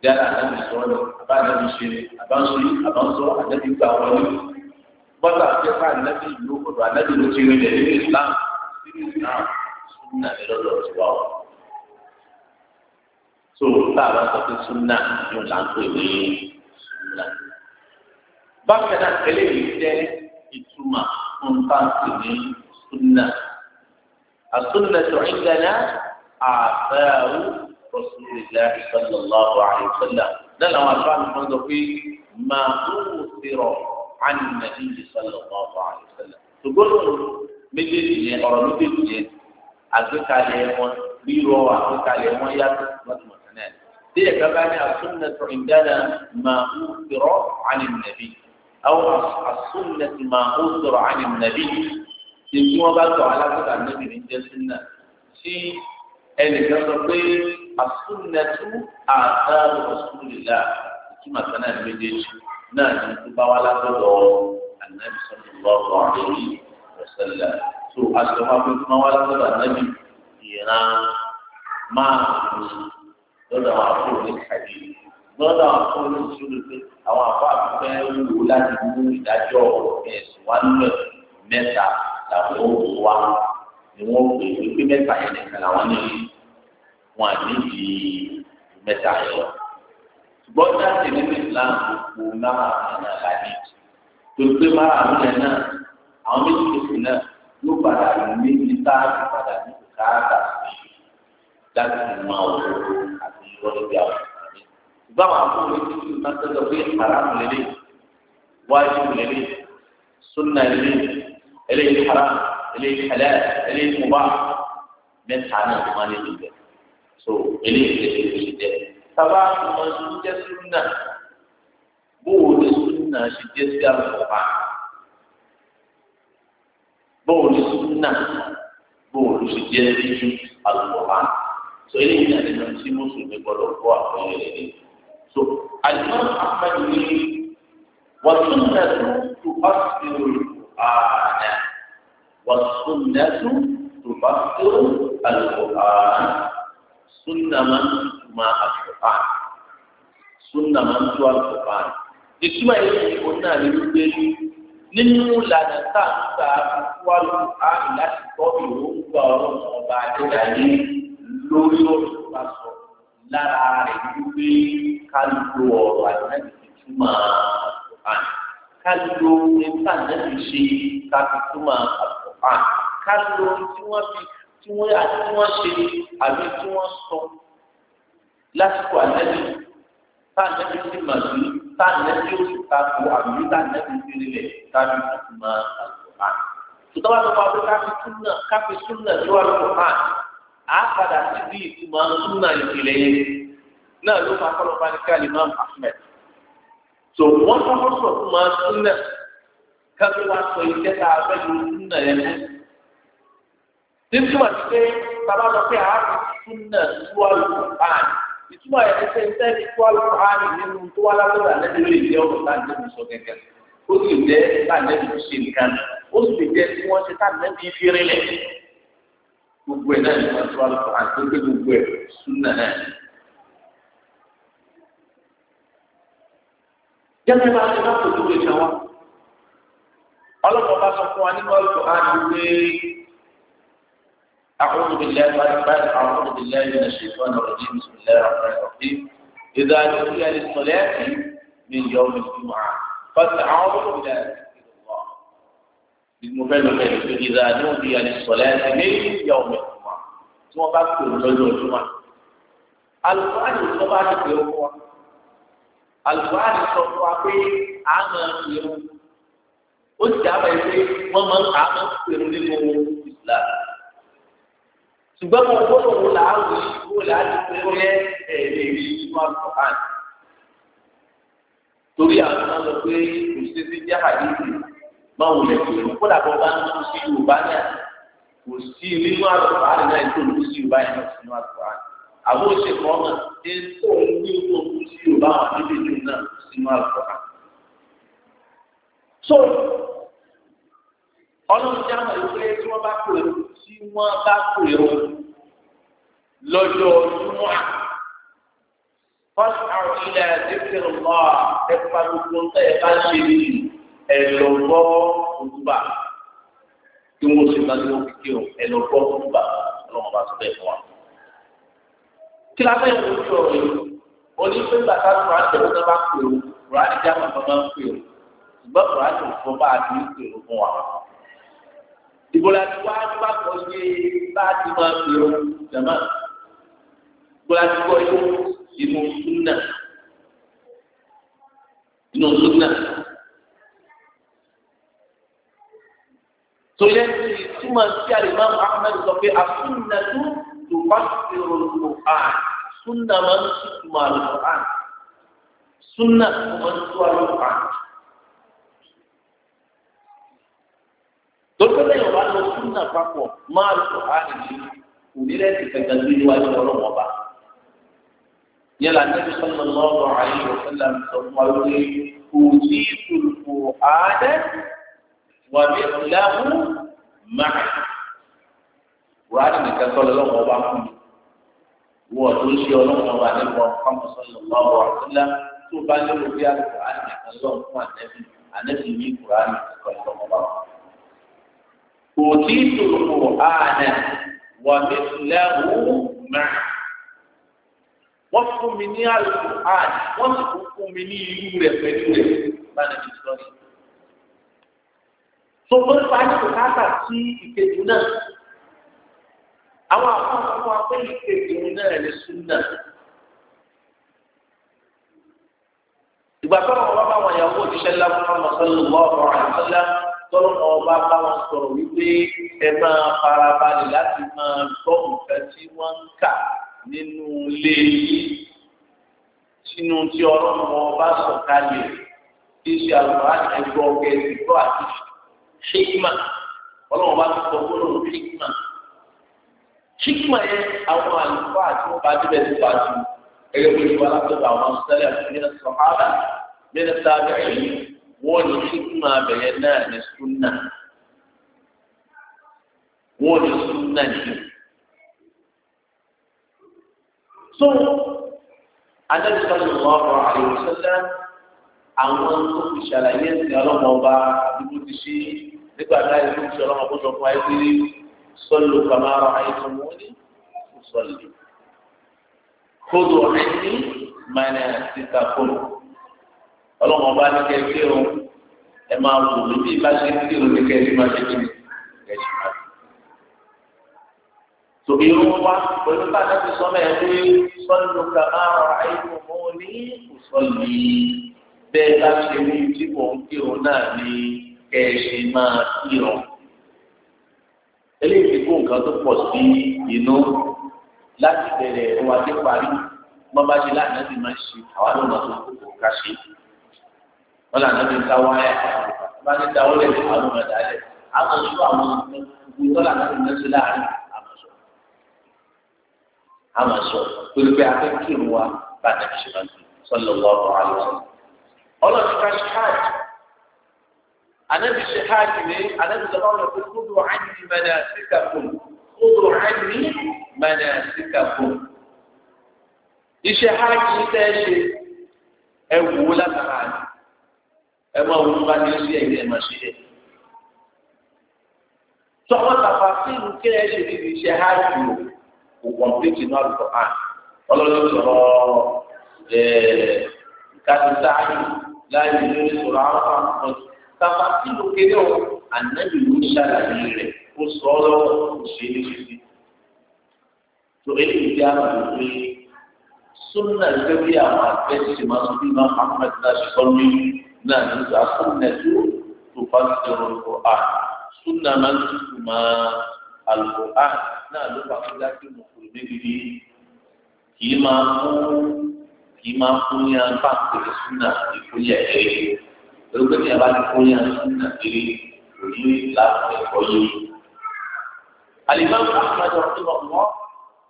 [SPEAKER 1] yálà ànẹ́bí sọ̀rọ̀ àbá ànẹ́bí ṣe àbánsórí àbánsọ ànẹ́bí gbà wọlé bọ́tà àjẹpá ànẹ́bí ìlú ọ̀dọ̀ ànẹ́bí ló ti rìn lẹ́yìn Islam nínú Islam súnà ní lọ́dọ̀ ti wá wọn. tó tá a bá sọ pé súnà yóò là ń pè ní súnà. bákan náà eléyìí jẹ́ ìtumọ̀ fún táǹkì ní súnà. السنة عندنا آثار رسول الله صلى الله عليه وسلم لأن ما كان منذ في ما أوثر عن النبي صلى الله عليه وسلم تقول مجد جنة أو رمضي جنة أزكى ليمون بيرو أزكى ليمون يأكل مجمع دي كمان السنة عندنا ما أوثر عن النبي أو السنة ما أوثر عن النبي ṣe bí wọ́n bá sọ alágbèdà níbi ní jẹ́sínà tí ẹnìkan sọ pé àsúnnẹtú àtàrò ọ̀sùnlélà ìtumọ̀ kan náà méjèèjì náà ní tó bá wá látọ̀dọ̀ ànábì sọ̀tún lọ́wọ́ àdéhùn ọ̀sẹ̀lẹ̀ tó aṣọ máa fi máa wá látọ̀dọ̀ ànábì ìran máa ń lọ́dọ̀ àwọn àbúrò ní kàdé lọ́dọ̀ àwọn àbúrò ní ìṣúlù pé àwọn àbúrò àbúrò fẹ́ wù láti mú ìdájọ́ ẹ̀sùn wá nílẹ̀ mẹ́ta làwọn yóò wò ni wọ́n pè é wípé mẹ́ta yẹn nìkan làwọn ní wọn àti ìdí mẹ́ta yẹn lọ. ṣùgbọ́n dáàtì nínú Islam gbogbo náà àmàlà láti torí pé máa àmàlà náà àwọn méjì lókè náà yóò padà ní méjì táàbù padà ní káàkà láti máa wò àti ìrọ̀ níbi àwọn ìgbà wà fún mi tí mo máa tẹ́lẹ̀ pé àrà mi wáyé mi sunna lè. هل هي الحرام هل هي الحلال هل هي المباح من حانا بمالي جدا سو هل هي الحلال جدا تبع ما جدا سنة بول سنة جدا سيار مباح بول سنة بول جدا سيار مباح سو هل هي الحلال جدا سيار مباح سو هل هي الحلال جدا سيار مباح سو الإمام أحمد يقول وسنة تؤثر القرآن والسنة تفسر القرآن سنة من تما القرآن سنة من تما القرآن ìtumọ̀ yìí kò náà ní wípé nínú ìlànà tá a ń ta wá ló á láti kọ́ ìròǹgbà ọ̀rọ̀ ọba àdéhàyé lórí ọ̀rọ̀ bá sọ lára rẹ̀ wípé ká lo ọ̀rọ̀ àti láti fi túmọ̀ àti ká lo nípa náà ṣe ká fi túmọ̀ àtọ̀fà ká lo tí wọ́n fi tí wọ́n àti tí wọ́n ṣe àbí tí wọ́n sọ lásìkò ànẹ́bí tá ànẹ́bí sì mà sí tá ànẹ́bí ó sì ta ko àbí tá ànẹ́bí sì rilẹ̀ ká fi túmọ̀ àtọ̀fà. Tòtọ́ wa tó máa fi káfí túnà káfí túnà tó hàn á padà sí bí ìtumọ̀ túnà ìpìlẹ̀ yẹn náà ló máa kọ́ lọ́ba ní káàlì tó wọ́n tó wọ́n sọ fún máa tún náà kábí wá sọ iṣẹ́ tá a fẹ́ lu tún náà yẹn mú. títúmọ̀ sí pé bàbá lọ pé àárọ̀ tún náà tú àlùkò hàn ìtumọ̀ ẹ̀ ṣe ń tẹ́lẹ̀ tú àlùkò hàn nínú tó wá lábẹ́rẹ́ àlẹ́bí lórí ìdí ọ̀rọ̀ láti ẹ̀mí sọ gẹ́gẹ́ ó sì jẹ́ láàlẹ́bí tó ṣe nìkan ó sì jẹ́ tí wọ́n ṣe táàlẹ́bí fi rinlẹ̀ gbogbo ẹ̀ náà ní wọ́n tó gbé gbogbo ẹ̀ sún jẹ́mi máa ń bá kojú lè náwó. ọlọ́pàá bá sọ fún wa nípa ọ̀tọ̀ á ti pé أعوذ بالله بعد أعوذ بالله من الشيطان الرجيم بسم الله الرحمن الرحيم إذا نودي للصلاة من يوم الجمعة فاسعوا إلى ذكر الله للمبالغة إذا نودي للصلاة من يوم الجمعة ثم بعد كل يوم الجمعة القرآن الصلاة في الجمعة alùpàdé sọ fún wa pé a máa ń irun ó sì dábàá pé wọ́n máa ń a máa ń pèrò nínú ìlà ṣùgbọ́n mo gbọ́dọ̀ wò láàrú ìwò láti pèrò yẹ ẹ̀ẹ́dẹ̀ rí inú àlùpàdé torí àwọn náà lọ pé kò sí sí jẹ́ àdéhùn máa wò lẹ̀ pèrò kódà bọ́ bá ń tún sí Yorùbá náà kò sí nínú àlùpàdé náà tó sí Yorùbá yẹn lọ sí àbó òṣèkọ ọmọ tí ń tó ń ní òkú sí yorùbá àwọn àdébìjú náà sínú àlùkọ́kà. so ọlọ́run jẹ́ àwọn ìwé tí wọ́n bá pè ó tí wọ́n bá pè ó lọ́jọ́ júmọ́ à. first hour ilẹ̀ ẹ̀dẹ́gbẹ̀rẹ̀ ẹ̀fà gbogbo ńlẹ̀ ẹ̀fà ṣe ní ẹ̀lọ́gbọ́ òtúbà tí wọ́n ṣe bá ní wọ́n fi kí ẹ̀lọ́gbọ́ òtúbà ọlọ́run bá sọ bẹ́ẹ̀ fún wa kí la fẹ́ wọ́n yọ ọ̀rọ̀ yìí onífẹ́ gbàtà kura jẹ́ wọn bá pè ó kura ti dá wọn bá pè ó ṣùgbọ́n kura ti fọ́ bá a ti ń pè ó fún wa. ìbò la ti wá bá kọ́ yé bá a ti máa pè ó jàmá ìbò la ti kọ́ yé inú súnà inú súnà. tó yẹ kí túmọ̀ sí àlè máa mú ahmed sọ pé àfúnnà tó tùfásírò lùkùrán súnà máa ń túmọ̀ lùkùrán súnà máa ń túmọ̀ lùkùrán. lọ́sọ̀rọ̀ yóò bá lọ súnà papọ̀ máa lùkùrán yìí kò ní lẹ́sìn kẹta tó yẹ wáyé ọlọ́wọ́ bá. يلا النبي صلى الله عليه وسلم قال أوتيت القرآن ومثله معه kùránì nìkan tọ́lẹ̀ lọ́wọ́ ọba fún mi wọ́n tó ṣe ọlọ́run ọba nípa ọ̀pọ̀lọpọ̀ lọ́wọ́ àtúnlá tó bá lérò bí àkùránì nìkan lọ́wọ́ fún ànẹ́bí ànẹ́bí ní kùránì nìkan lọ́wọ́ ọba fún mi. kò tí ì tòrò kùránì wà mí lẹ́wọ́ mẹ́rin wọ́n fún mi ní àlùkò àdì wọ́n sì fún mi ní irú rẹ̀ pẹ̀lú rẹ̀ lánàá ti sọ tó bá ń pa àwọn àwọn ọmọ pé ìpèkè òun náà lè súnà. ìgbà tó wọn bá bá wọn yàwó òṣìṣẹ́ lábúrò mọ́sálù wọ́n ọ̀rọ̀ àìsílá tọ́lọ́ wọn bá bá wọn sọ̀rọ̀ wípé ẹ máa farabalẹ̀ láti máa gbọ́ nǹkan tí wọ́n ń kà nínú ilé yìí sínú tí ọlọ́run wọn bá sọ̀kalẹ̀ kí ṣe àlùfáà ẹgbọ́ ọ̀gẹ̀dẹ̀ gbọ́ àti ṣíkímà ọlọ́run bá ti sọ gbọ́dọ̀ ṣíkímà hikima yẹ àwọn àlùfáà àti wọn bá débẹ̀ ti fà jù ẹgbẹ́ pẹ̀lú alákòóso àwọn sẹ́lẹ̀ mínísítà sọ̀hálà mínísítà bẹ̀rẹ̀ yìí wọ́n ní hikima bẹ̀rẹ̀ náà ní súnà wọ́n ní súnà yìí. so adájọ́ sọ́dọ̀ wọn bọ̀ àyẹ̀wò sẹ́lẹ̀ àwọn tó fi ṣàlàyé ẹ̀sìn ọlọ́mọba àdúgbò ti ṣe nígbà táyà tó fi ṣe ọlọ́mọbó sọ fún ayé صلوا كما رأيتموني أصلي خذوا عني مناسككم ọlọ́run ọba ní kẹ́kẹ́ o ẹ máa wò ní bí bá ṣe ń kí o ní kẹ́kẹ́ máa ṣe kí ni kẹ́kẹ́ máa ṣe. tòbí irun wa pẹ̀lú bàtà ti sọ náà pé sọ́nù kàmá àìkú mọ́ ní ìsọ̀lì bẹ́ẹ̀ bá ṣe ní ìdíbò ń kí o náà ní kẹ́kẹ́ máa kí o eléyìí ti kó nǹkan tó pọ̀ sí inú láti bẹ̀rẹ̀ ohun àti parí wọ́n bá ṣe láàánú ti máa ń ṣe àwa ló máa tó kókó ká ṣe
[SPEAKER 2] wọ́n làánú ti ń ta wáyà
[SPEAKER 1] bá ti ta wọlé àwọn ọmọ ẹ̀dá rẹ̀ àwọn oṣù àwọn ọmọ tó làánú ti máa ṣe láàárín àmọ̀ṣọ́ àmọ̀ṣọ́ torí pé akẹ́kọ̀ọ́ wa bá tẹ̀síwájú sọ́lọ́wọ́ ọ̀rọ̀ àlọ́ ọlọ́ọ̀tí anabi ṣe hajj ni anabi sọ fún ọlọpàá kúndùn ánìmí mẹnà síkàkùn kúndùn ánìmí mẹnà síkàkùn. iṣẹ́ hajj tẹ́ ẹ ṣe ẹ wò ó látara rẹ̀ ẹ máa wò ó bá ní sí ẹ̀yìn ẹ̀ máa ṣe é. tọ́wọ́ tàfà fíìmù kí ẹ ṣe níbi iṣẹ́ hajj o kò kọ̀m̀pìtì náà lọ́kọ̀ án ọlọ́lọ́ sọ̀rọ̀ ẹ̀ẹ́dẹ́gbẹ̀ta láyé lórí sọ̀rọ̀ àwọn àwọn kàfà sílùú kéde o ànábì ló ṣàlàyé rẹ̀ ó sọ ọ́ lọ́wọ́ kò ṣe é léṣe. tó eléyìí jẹ́ àwọn òwe súnà gẹ́gẹ́ bí àwọn àfẹ́sí máa ń bí máa Muhammad náà ṣe sọ mí náà nígbà súnà tó tó bá ti dẹrọ lọ à súnà máa ń tutù máa àlùkò à náà ló bá fi dájú mọ̀kòrò débi bí kì í máa fún kì í máa fún ní apá àpèrè súnà ìfúnyà lórí pé ìyàbá ti fún yàn nàìjíríà òní láti ẹ̀kọ́ yìí. alimam ahmed ọ̀túnbọ̀ mọ́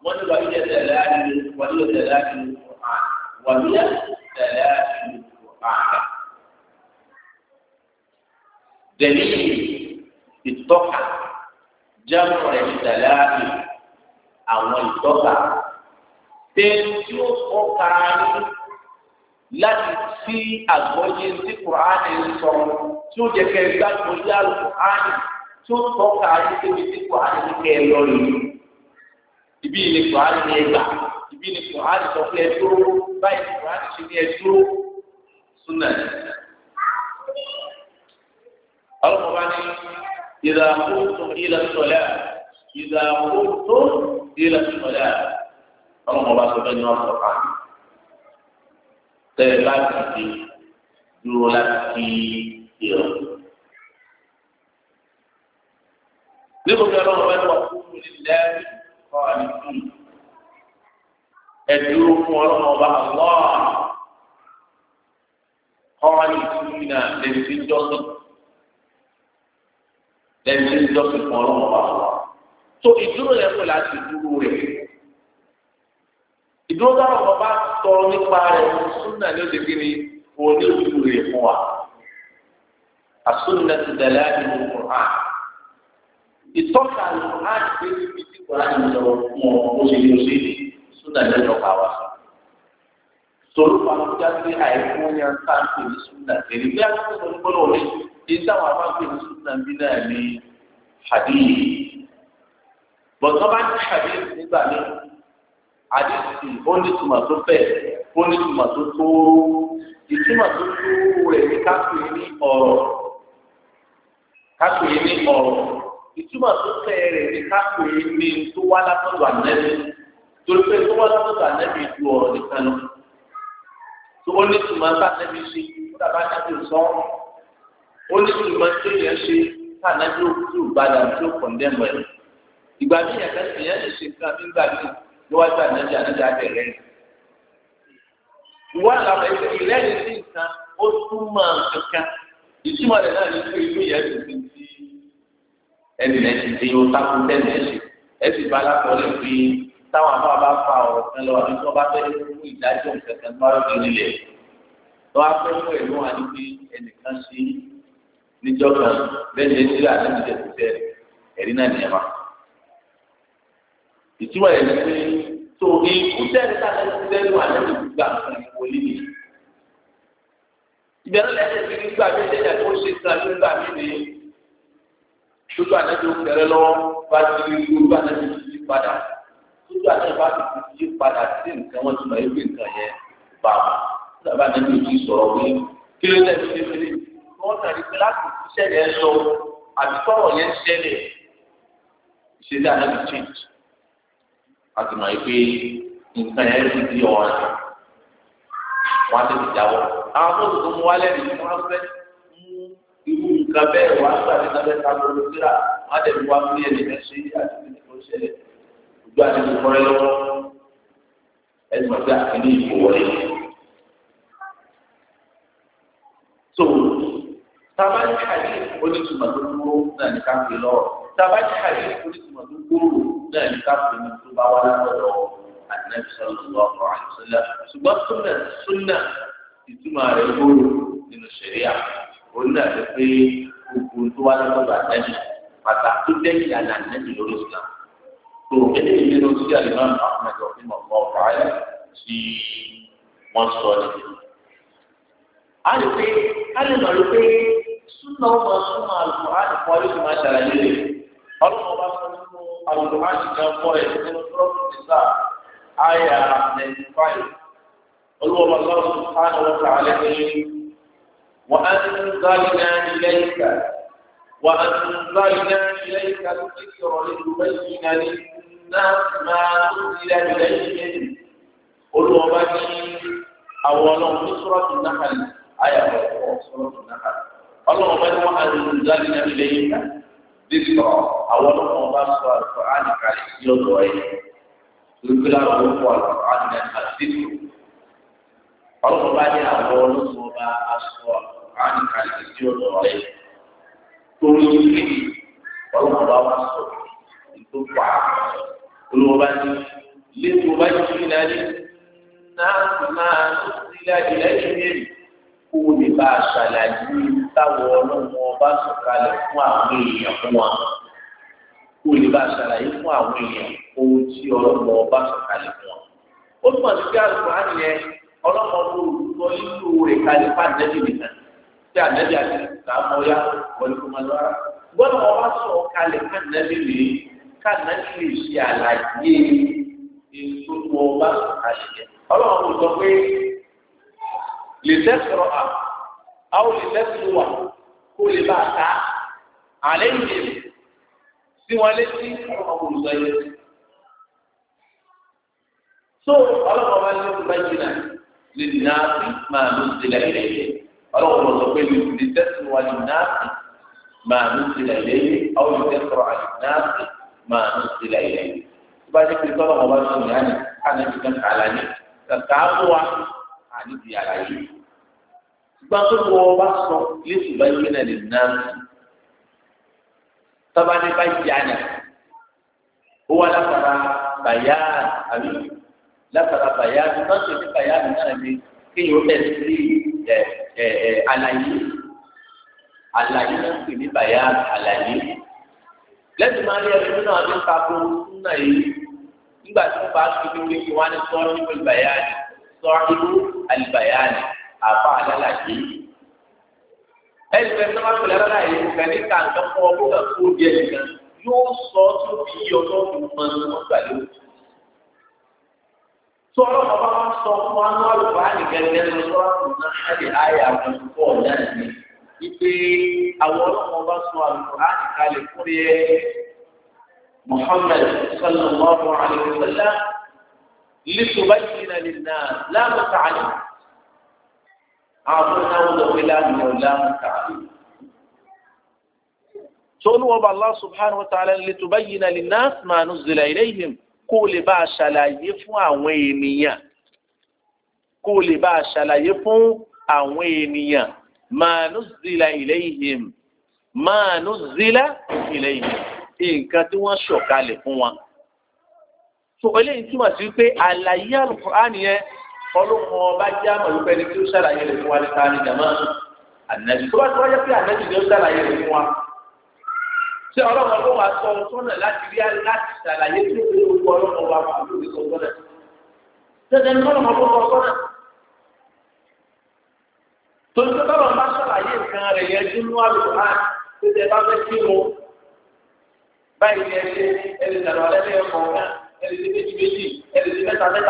[SPEAKER 1] wọ́n ní wàlúù yẹ tẹ̀lé àdìmú wàlúù yẹ tẹ̀lé àdìmú kùrán wàlúù yẹ tẹ̀lé àdìmú kùrán. dẹ̀lí ìtọ́ka jẹ́mu rẹ̀ tẹ̀lé àdìmú àwọn ìtọ́ka tẹ́ tí ó láti sí àgbọ́yé tí kùránì ń sọ tí ó jẹ́ kẹ́ gbàgbọ́ yá kùránì tí ó tọ́ka níbi tí kùránì ń kẹ́ lọ rèé ibi ni kùránì ní ẹgbà ibi ni kùránì sọ fún ẹ dúró báyìí ni kùránì ṣe ní ẹ dúró súnà ní. ọlọ́pàá bá ní ìdá kóòtù ìlà sọ̀lá ìdá kóòtù ìlà sọ̀lá ọlọ́pàá bá sọ fẹ́ ní wọn tẹ́lẹ̀ bá ti di dúró láti di ọ̀. Níbo ni ọlọ́run bá wà fún mi lẹ́yìn kọ́ àdìsí? Ẹ̀dúró fún ọlọ́run ọba àwọ̀ kọ́ àdìsí náà lẹ́yìn tí jọ́sìn. Lẹ́yìn tí jọ́sìn fún ọlọ́run ọba àwọ̀. Tó ìdúró yẹn kò láti dúró rẹ̀ ìdúró dáhùn ọba tọrọ nípa rẹ̀ súnà ní oṣù kìíní òun ní ojú rẹ̀ fún wa àsúnà ti dàlẹ́ àdìmú fún wa ìtọ́ka àdìmú pé ibi tí kò láti sọ̀rọ̀ fún ọ ó ṣe ní oṣù yìí súnà ní ọjọ́ kàwá tolu pàtó jáde àìkú ní àtàkùn ní súnà tẹ̀lé bí a ti sọ ní gbọ́dọ̀ ní ìdáwọ̀ àbájọ ní súnà bí náà ní hadith bọ̀dọ̀ bá ní hadith àdìsí ó ní ìtumọ̀ tó bẹ̀ ó ní ìtumọ̀ tó tóóró ìtumọ̀ tó tóóró rẹ̀ ní kápẹ́ ní ọ̀rọ̀ kápẹ́ ní ọ̀rọ̀ ìtumọ̀ tó tẹ̀ rẹ̀ ní kápẹ́ ní tó wá látọ̀dọ̀ ànẹ́bí torí pé tó wá látọ̀dọ̀ ànẹ́bí ju ọ̀rọ̀ nìkan lọ tó ó ní ìtumọ̀ tó ànẹ́bí ṣe tó bá ànẹ́bí sọ ó ní ìtumọ̀ tó yẹ ṣe tó ànẹ́bí ó gbàdá tó kọ̀ndẹ́mù ẹ̀ ìgbà mí níwájú ànájà ànájà àbẹ̀rẹ̀ rẹ̀. ìwọ àlàbà ẹsẹ̀ ìlẹ́yìn sí nǹkan ó túmọ̀ kankan ìtumọ̀ rẹ̀ náà ní pé ìlú yẹn ti ti ti ẹnì rẹ̀ ti ti yóò sáfù tẹ̀lé ẹ̀ṣẹ̀ ẹ̀sìn bá alákọ̀ọ́lẹ̀ fi táwọn àbá bá fa ọ̀rọ̀ kan lọ àbí tó bá fẹ́ fún ìdájọ́ kankan tó wáyé nílẹ̀ tó wá fẹ́ fún ìlú wa ní pé ẹnìkan ṣe níjọ́ kan lẹ́yìn ẹ̀ṣẹ̀ àti ẹ̀ṣẹ̀ ẹ̀rí náà nìyẹn wa ìtumọ̀ rẹ̀ ní pé tó ikú tẹ̀lé tàbí tẹ̀lé wà lẹ́nu gbígbà fún ìwòlí mi. ìbẹ̀rẹ̀ lẹ́sẹ̀ fi gbígbà mi lé ẹ̀ kó ṣe sàn nígbà mi lé. tójú ànájú kẹrẹ lọ́wọ́ bá ti rí gbogbo ànájú yí padà tójú ànájú bá ti yí padà sí nǹkan wọn ti mọ̀ ewé nǹkan yẹn bá wọn. sábà nínú ìlú sọ̀rọ̀ pé kí ló lẹ́ fi lé wọ́n tàbí pé láti a ti mọ̀ yìí pé nǹkan yẹn ti di ọ̀rọ̀ rẹ̀ wọ́n á ti ti jáwọ́. àwọn tó tuntun mú wálẹ̀ nìyí wọ́n fẹ́ mú irú nǹkan bẹ́ẹ̀ wọ́n á gbà ní abẹ́ ta lórí síra wọ́n á dẹ̀bi wá fún yẹn nìyẹn ṣe àti ní kò ṣẹlẹ̀ gbogbo àti ní kọ́rẹ́ lọ́wọ́ ẹ̀sìn ọ̀gá ní ìbò wọlé. so tábà ní àyè onítùmọ̀ tó dúró náà ní káfíń lọ́rọ̀ tabati hadith onítùmọ̀ tó gbòòrò náà ní káfíń ní tó bá wà sallallahu alaihi wasallam ṣùgbọ́n súnà súnà ìtumọ̀ rẹ̀ gbòòrò nínú ṣẹ̀ríà òun náà ti pé gbogbo tó wà lọ́dọ̀ ànábì pàtà tó dẹ́kì àná ànábì lórí islam tó eléyìí nínú sí alimami ahmed ọ̀fìn ọ̀fọ̀ ọ̀fọ̀ ayé tí wọ́n sọ ní. a lè pe a lè mọ̀ ló pé súnà ọmọ súnmọ́ ọlọ́run bá sọ nínú àlùmáàjì kan fọ́ ẹ̀ nínú tọ́lọ́pù nígbà àyà nẹ̀ẹ́dì fáìlì olùwọ́n bá sọ fún fáìlì wọn kà á lẹ́gbẹ́ yìí wọ́n á ti ń gbáyìí náà ilé ìkà wọ́n á ti ń gbáyìí náà ilé ìkà tó ti kí nínú méjì náà ní náà máa tó ti rẹ̀ ilé ìkà olùwọ́n ní àwọn ọlọ́run ní sọ́ọ̀tù náà àyà ọ̀pọ̀ sọ́ọ̀tù náà bíbọ̀ àwọn ọlọ́pàá bá sọ àlùkò ànìkàlẹ̀ sí ọ̀dọ̀ ẹ̀ lórí lára orúkọ àlùkò ànìkàlẹ̀ bíbọ̀
[SPEAKER 2] ọlọ́pàá bá ní àwọn ọlọ́pàá
[SPEAKER 1] bá sọ àlùkò ànìkàlẹ̀ sí ọ̀dọ̀ ẹ̀ torí kíni ọlọ́pàá bá wà sọ ìtòkpà olùwọ́n bá ní lẹ́tọ̀ọ́ bá yẹ kí náà ní náà máa ń sílẹ̀ ìlẹ́yìn yẹn kó o lè bá a ṣàlàyé táwọn ọlọ́pàá bá sọ̀kalẹ̀ fún àwọn èèyàn fún wa kó lè bá ṣàlàyé fún àwọn èèyàn ohun tí ọlọ́mọ bá sọ̀kalẹ̀ fún wa. ó túmọ̀ sí pé àlùkò á yẹ ọlọ́mọ tó lọ nínú rẹ̀ kalẹ̀ fún àdẹ́bì nìkan tí àdẹ́bì àti ìsàmọ́ yá wọlé kó máa lọ́ra. gbọ́dọ̀ wọn bá sọ̀kalẹ̀ fún àdẹ́bì rẹ̀ káàdì lè ṣe àlàyé ètò wọn bá sọ̀kalẹ̀ yẹn. ọlọ́mọ kò sọ pé lè tẹ́sọ̀rọ̀ à áwọn lè tẹ́sọ̀rọ̀ wà kó lè bá a ta àlẹ́ yìí sí wọn létí ọmọ olùgbà yẹn. tó ọlọ́pàá bá ní ọkùnrin báyìí náà lè nà á sí máa ló ń tilẹ̀ ilẹ̀ yẹn ọlọ́pàá sọ pé lè tẹ̀sán wa lè nà á sí máa ló ń tilẹ̀ ilẹ̀ yẹn àwọn tẹ̀sán wa lè nà á máa ló ń tilẹ̀ ilẹ̀ tó bá jẹ́ pé tọ́lọ̀ sọ ní àná àná ti kàn kàlàyé kàkà á fún wa àní àlàyé gbàtó tó wọn bá sọ yéésù bá yẹ náà lè ná tọ́ba ní bá yà ní ó wà látara bàyà àbí látara bàyà àbí tó ń sọ ní bàyà àbí náà ni kéèyàn ó bẹ̀rẹ̀ sí ẹ ẹ ẹ àlàyé àlàyé náà ń ní bàyà àlàyé lẹ́sìn máa rí ẹni nínú àbí kakó nínú èyí nígbà tí wọ́n bá fi ní kí wọ́n á ní sọ́ọ́ nínú ìbàyà ni sọ́ọ́ nínú àlìbàyà ni àfa àlàlàjì ẹni bẹ́ẹ̀ tó bá pèlè rárá yìí kò fẹ́ẹ́ ká àjọpọ̀ ọgbọ́n kó di ẹ̀yìn kan yóò sọ tó fi yí ọjọ́ tó mọ ní wọ́n gbà lé òkú. sọ̀rọ̀ bàbá wa sọ fún wa ní àlùfáà ní gẹ́gẹ́ ní sọ́ra kò ná ṣáàlì àyà àwọn ìfọ̀ ọ̀dà nìyí wípé àwọn ọlọ́mọ bá sọ àlùfáà ní kalẹ̀ fún yẹ Muhammad sallallahu alayhi wa sallam lẹ́tọ̀ọ́ bá yìí nà lè nà àwọn tó náwó lọ pé láàmì ọ̀làmù tààlù. tó ní wọn bá Allah subhanahu wa ta'ala litubayyina linnas ma nuzzila ilayhim kó lè bá a ṣàlàyé fún àwọn ènìyàn kó lè bá a ṣàlàyé fún àwọn ènìyàn ma nuzzila ilayhim ma nuzzila ilayhim nǹkan tí wọ́n sọ̀kalẹ̀ fún wa. tó eléyìí túmọ̀ sí pé àlàyé Al-Qur'an ọlọ́mọ ọba jẹ́ àmọ̀ wípé ẹni tí ó ṣàlàyé rẹ̀ fún wa nípa ni jàmá ànábì tó bá tó wáyé pé ànábì ni ó ṣàlàyé rẹ̀ fún wa. ṣé ọlọ́mọ ọba wa sọ sọ́nà láti rí láti ṣàlàyé tí ó fi gbogbo ọlọ́mọ wa wà lórí sọ sọ́nà. tẹ̀sán ní ọlọ́mọ ọba sọ sọ́nà. torí pé báwọn bá ṣàlàyé nǹkan rẹ̀ yẹn dín ní wàlúù á tètè bá fẹ́ kí mo báyìí ni ẹ ṣe ẹ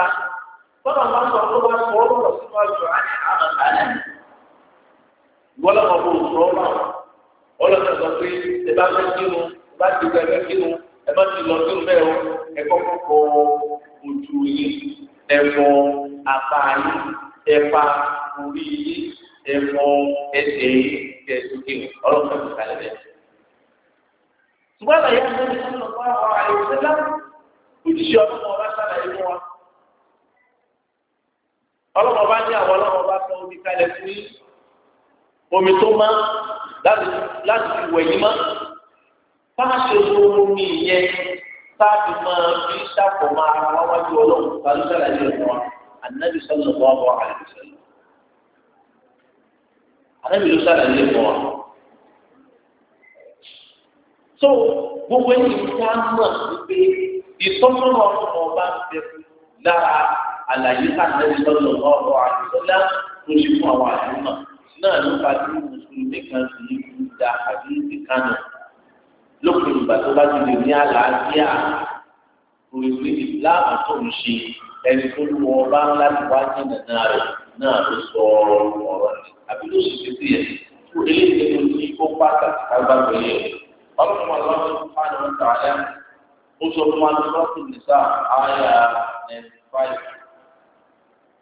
[SPEAKER 1] tọ́lá máa sọ pé wọ́n sọ ọ́ lọ sínú àjọ àti àwọn àlẹ́ gbọ́dọ̀ kọ́ sọ ọ́ náà ọlọ́dọ̀ sọ pé ẹ bá fẹ́ kí nu ẹ bá ti gbẹ fẹ́ kí nu ẹ bá ti lọ sí o ẹ kọ́kọ́ kọ ojú yìí ẹ mọ apá yìí ẹ pa orí yìí ẹ mọ ẹsẹ̀ yìí kẹ ẹ sókè nu ọlọ́dọ̀ sọ kalẹ̀ bẹ́ẹ̀. ṣùgbọ́n àyà ń bẹ́ẹ̀ ní ọ̀pọ̀ àwọn àyè ọlọ́mọ bá ní àwọn ọlọ́mọ bá sọ omi kalẹ̀ sí omi tó má láti fi wẹ̀ yín má fáà ṣe lo omi yẹn sáàbì máa fi ṣàpọ̀ máa ara wájú ọlọ́run pàlú sàlàyé ọ̀nà wa ànábì sọ̀rọ̀ lọ́wọ́ àwọn àlejò sọ̀rọ̀ ànábì ló sàlàyé ọ̀nà wa. so gbogbo ẹni tí a mọ̀ wípé ìtọ́sọ́nà ọ̀nà ọba ń bẹ lára àlàyé sàmẹ́lì lọ́dọ̀ ọ̀rọ̀ àdìsọ́lá tó ṣe fún àwọn àdìmọ̀ náà ló fa bí mùsùlùmí kan sì ń fi da àdìsí kánà lópin ìgbà tó bá ti lè ní àlàáfíà òwe ìlànà tó ń ṣe ẹni tó lu ọba ńlá ti wá ní nàná rẹ náà ló sọ ọ̀rọ̀ ọ̀rọ̀ rẹ àbí ló ṣe fi síyẹ kó eléyìí tó ní kó pàtàkì kágbàgbé yẹ ọlọ́run ọlọ́run fáwọn ọ̀tá ayá ó sọ fún wa ní lọ́sùn nìta ayá ninety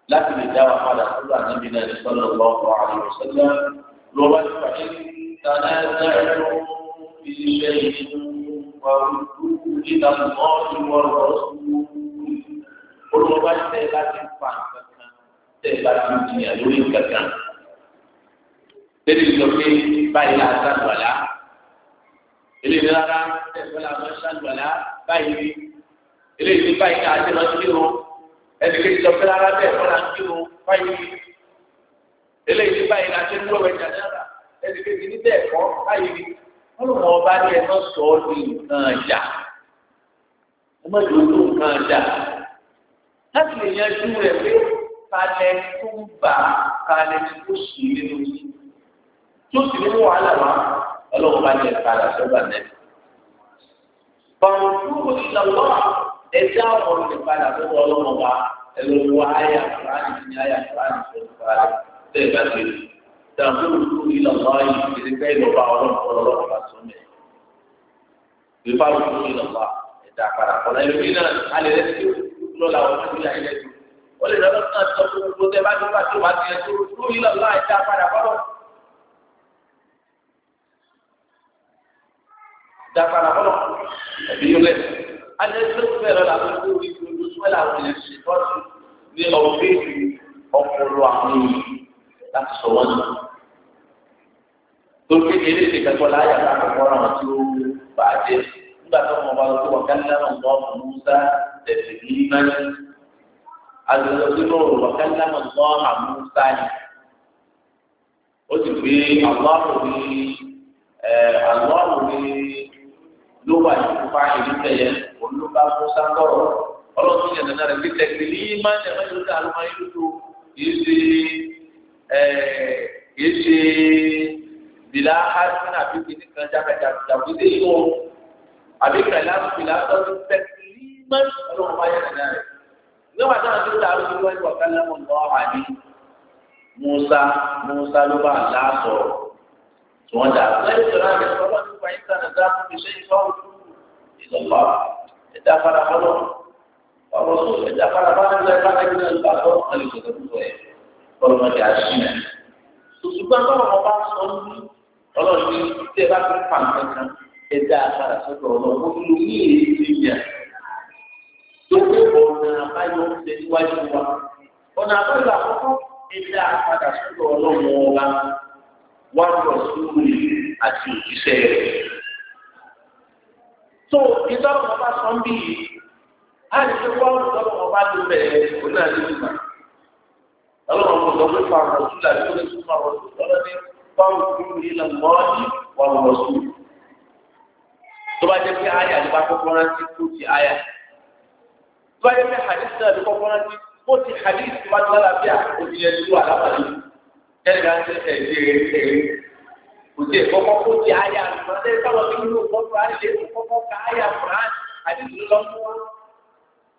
[SPEAKER 1] láti lè dá wa padà sọ́dọ̀ ànábì náà sọ́dọ̀ lọ́kọ̀ àwọn ìṣẹ́lẹ̀ lọ́wọ́ ti pàdé tàdá dáhùn ilé ìwọ̀rùn nígbà mọ́ ìwọ̀rùn ọ̀sùn olùwọ́ba tẹ̀ láti fa kankan tẹ̀ láti jìyà lórí kankan. Tẹ́lẹ̀ ìjọ pé báyìí náà sàgbàlá. Ilé ìlera tẹ̀sán làwọn sàgbàlá báyìí. Ilé ìdí báyìí náà àti lọ́sí rún ẹnìkejì sọ pé rárá bẹ́ẹ̀ wọ́n là ń kí wọn fáyé eléyìí báyìí la ṣe ń lọ́wọ́ ẹja náírà ẹnìkejì ní bẹ́ẹ̀ kọ́ fáyé wọ́n lò wọ́n bá ní ẹ̀tọ́ sọ ọ́ ní nǹkan ọjà wọ́n má lò ó nǹkan ọjà láti lè yanjú rẹ̀ pé kalẹ̀ tó ń bà kalẹ̀ tó sì nínú yìí tó sì nínú wàhálà wa ọlọ́wọ́ bá jẹ kalẹ̀ sọ́gbà náà. bàwọn tó ń lọ ẹjẹ àwọn olùpadà tó wọ ọlọmọ wa ẹlòmíwá ayà fúlàní ní ayà fúlàní tó ń fa ṣe é gbàgbé dàgbé olùkú ilẹ̀ ọ̀gá yìí kiri pé ìlọ́ba ọlọ́mọ ọlọ́mọ bá tó mẹ́ ìfá olùkú ilẹ̀ ọ̀gá ẹ̀dá padà kọ́lá ẹlòmí náà alẹ́ rẹ̀ ti lọ làwọn ọmọ ìlú ayẹyẹ tó wọ́n lè lọ́dọ̀ náà sọ fún gbogbo tẹ́ bá tó bá tó bá tiẹ̀ tó olùkú ilẹ̀ ọ̀gá ẹ̀dá padà kọ́lọ́ ẹ̀dá padà kọ́lọ́ ẹ̀bí yóò lẹ́sẹ̀ adẹ́sẹ̀fẹ́ rẹ̀ làwọn tó rí ojú sọ́lá àwọn èèyàn ṣe tọ́jú ní ọ̀gbẹ́ni ọpọlọ àwọn èèyàn láti sọ wọn nù. torí kékeré ṣe kẹ́kọ̀ọ́ láyà lákòókò àwọn tí ó bá a jẹ nígbà tó wọn bá lọ sí wàkàndínlá náà lọ fún musa tẹ̀sí olùbá musa lọ́rọ̀ ọlọ́run yẹn nana rẹ̀ bí tẹ̀sílì máa ń yàrá yóò dá àlùmá yóò tó kìí ṣe ẹ̀ kìí ṣe bìlà hásínà àbí kìíní kan jákèjáde jàpùdé yìí wọn àbí kàlá bìlà tọ́jú tẹ̀sílì máa ń ọlọ́run máa yẹn nana rẹ̀ níwà táwọn tó àlùmá yóò wà kálá mọ̀ lọ́wọ́ àdé musa musa ló bá àlá sọ̀rọ̀ tí wọ́n dà lẹ́yìn tó rà rẹ̀ sọ́wọ́ nípa ìtàn ẹ̀dá fara fọlọ́ ọ̀rọ̀ tó ẹ̀dá fara fọlọ́ ẹ̀dá fara fọlọ́ ẹ̀dá fara fọlọ́ ẹ̀dá fara fọlọ́ ọlọ́mọdé àṣìlẹ̀ ṣùgbọ́n tó wọn bá sọ ní ọlọ́ọ̀ni tẹ́ bá fi pa nǹkan ẹ̀dá fara sọ́dọ̀ ọlọ́mọ ìlú yìí ti yà tó kó ọ̀nà àbáyọ tẹ̀síwájú wa ọ̀nà àbáyọ àkọ́kọ́ ẹ̀dá fara sọ́dọ̀ ọlọ́mọ wa wà lọ sí òye àti òjíṣẹ́ rẹ̀ tó ìtọ́rọ̀ wọn bá sọ ń bí yìí á ní pé wọ́n ìtọ́rọ̀ wọn bá ti bẹ̀rẹ̀ ó náà ní ìgbà ọlọ́run kò lọ pé fáwọn ọ̀sùn làbí ó lè tún máa wọ̀ sùn lọ́dọ̀ ní fáwọn òkúrú ní ìlànà mọ́ọ́dí wọn wọ̀ sùn. tó bá jẹ́ pé àyà ló bá kọ́kọ́ rántí kó ti àyà tó bá jẹ́ pé hadith náà ló kọ́kọ́ rántí kó ti hadith tó bá tó lálàáfíà ó ti yẹ òjì ìkọ́kọ́ kó ti àyà àlùmọ́tẹ́ sáwọn tó ń lò fọ́tò àlè kọ́kọ́ ká àyà àlùmọ́tẹ́ àdìsí lọ fún wa.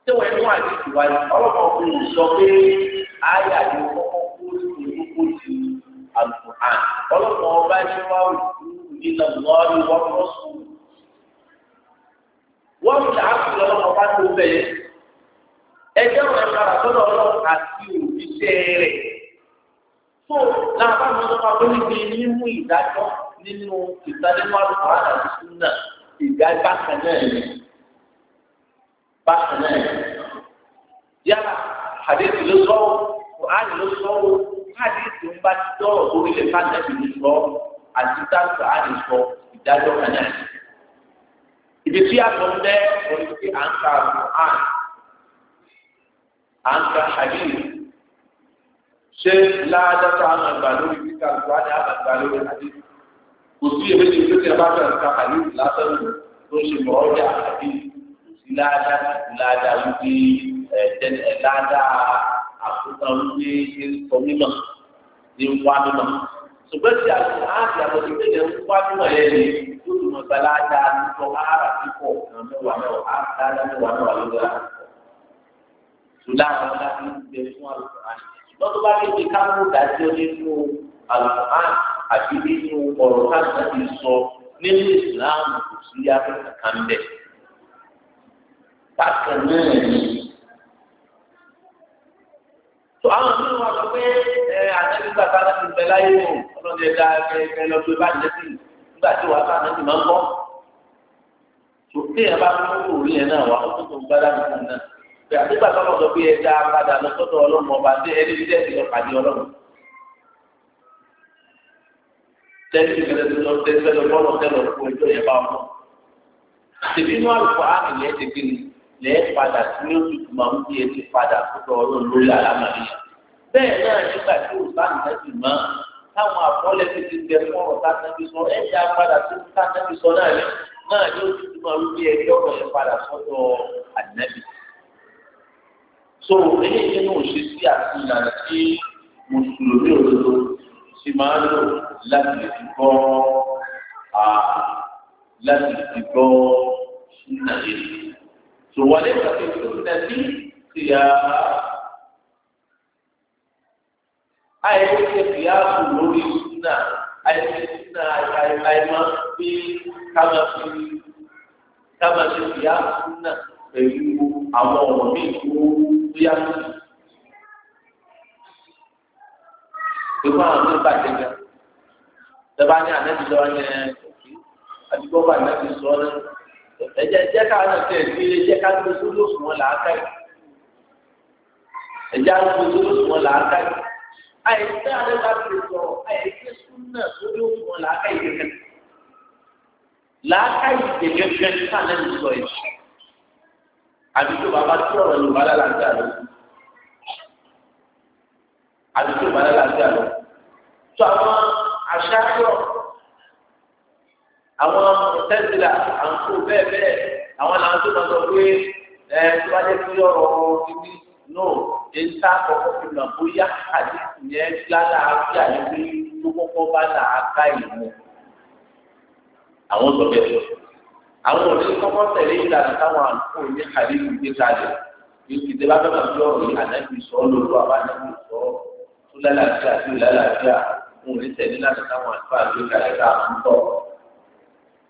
[SPEAKER 1] tí wọ́n mú àdìsí wa ọlọ́mọ kò ń sọ pé àyà àlè kọ́kọ́ kó ti lò kó ti àlùmọ́tẹ́. ọlọ́mọ ọba ní wa ò nínú lọ́ọ̀rì wọ́n mọ̀ sùn. wọ́n ti àkùrọ̀ ọlọ́mọ bá tó bẹ̀yẹ. ẹjọ́ rẹ̀ kára sọ́dọ̀ ọlọ́run àti tó làbá mi lọ́wọ́ tó ní bíi mímú ìdájọ́ nínú ìdánimọ̀ àlùkò àdàlùsù náà ìgbà bákan náà ni bákan náà ni yálà àdéhùn ló sọ́wọ́ kùránì ló sọ́wọ́ káàdìsì ń bá ti dọ́rọ̀ orílẹ̀ fàdébì ló sọ àti dáàbò àdì sọ ìdájọ́ kan náà ni. ibi tí a sọ ń bẹ́ orí à ń ka kùránì à ń ka àdéhùn ṣé ládàtà àwọn àgbà lórí kíkà lóra ní àwọn àgbà lórí àdéhùn kò sí èmi tí ìgbésẹ̀ bá bẹ̀rẹ̀ ká àyè lásán tó ń ṣe mọ̀ ọ́jà àbí kò sí ládà ládà wípé ẹ̀ ládà àkótán wípé ṣe ń sọ mímọ̀ ní wá mímọ̀ ṣùgbọ́n tí a ti àti àwọn ìgbésẹ̀ ń wá mímọ̀ yẹn ni tó ti mọ̀ gbàládà nípa ara kíkọ̀ kan mẹ́wàá mẹ́wàá àti ládà mẹ́wàá mẹ́wàá ló dára. ṣùgbọ́n àwọn ọ̀dà ti ń bẹ fún àlùkò àti lọ́dún bá fi ká mú dájọ́ nínú àlùfáà àti nínú ọ̀rọ̀ káàkiri ti sọ nínú ìsìláàmù kò sí afẹ́fẹ́ kan bẹ̀. Bákan náà ni. Tó àwọn tó wà lọ pé ẹ àtẹ́bí bàbá láti bẹ láyé o, ọlọ́dẹ dá ẹ lọ pé bá jẹ́ sí nígbà tí wàá bá àtẹ́bí máa ń bọ́. Tòkè ẹ bá mú òrí náà wà ó tó tó ń gbá láti fún náà àtìgbà tó lọ́dọ̀ bí ẹja padà lọ sọ́dọ̀ ọlọ́mọ ọba dé ẹni bí dẹ́sí lọ pàdé ọlọ́mọ. Tẹ́lifí ìgbẹ́lẹ́ tó lọ sí ẹgbẹ́ lọ́wọ́ tẹ́lọ̀ fún ẹjọ́ yẹn bá wọn. Tèmi inú àlùkò àmì lẹ́ ti gbé lẹ́ padà tí ní oṣù tó máa ń bí ẹtì padà sọ́dọ̀ ọlọ́run lórí àlámàlì. Bẹ́ẹ̀ náà nígbà tí o bá nìkan sì mọ́ táwọn àkọọ́lẹ̀ ti ti bẹ fún ọ̀rọ̀ sọ ẹja padà tó sátẹ́bí sọ náà ní oṣù tó máa ń bí ẹjọ́ ọ̀rọ̀ padà sọ́dọ̀ so eléyìí nínú òṣìṣẹ́ àti ìlànà tí mùsùlùmí òdodo ti máa ń lò láti lè fi gbọ́ láti lè fi gbọ́ súnà yìí so wàlẹ́ kàfé súnà sí tìyà àìsí tìyà kù lórí súnà àìsí súnà àìmá pé káma fi káma ṣe tìyà súnà pẹ̀lú àwọn ọ̀rọ̀ mi tó wú yàtọ̀ ìwọ àwọn ọmọ ìbàjẹ́ gan tẹ́bá ní ànábi lọ́wọ́ ní ẹ̀ àdúgbò bá ànábi sọ ọ́ ẹ̀jẹ̀ jẹ́ ká àwọn ọ̀sẹ̀ ìlú ilé jẹ́ ká gbé sódò sùn wọn làákà yìí ẹ̀jẹ̀ á gbé sódò sùn wọn làákà yìí àìsí àdébà ti sọ àìsí súnà sódò sùn wọn làákà yìí kẹ̀kẹ́ làákà yìí kẹ̀kẹ́ fẹ́ẹ́ àdúgbò bàbá tí ọ̀rọ̀ yorùbá lálàáfíà lọ àdúgbò bàbá lálàáfíà lọ tó àwọn aṣáájọ àwọn tẹsílà àǹkó bẹ́ẹ̀ bẹ́ẹ̀ àwọn làwọn tó lọ pé ẹ tó bá jẹ́ pé ọ̀rọ̀ kíní náà ẹ̀ńtà kọ̀ọ̀kan fi mọ̀ bóyá àdìsí yẹn lálàáfíà yẹn pé tó kọ́kọ́ bá làákà ìmọ̀ àwọn sọ bẹ́ẹ̀ sọ àwọn òní kọ́kọ́ tẹ̀lé ìlànà táwọn àǹkó ní àdéhùn gbé kalẹ̀ ìdílé bá bẹ̀rẹ̀ sí ọ̀rọ̀ ànábì sọ lóru àbánábì sọ tó lálàáfíà tó lálàáfíà wọn ò ní tẹ̀lé ìlànà táwọn àǹkó àgbé kalẹ̀ ká àmú tọ̀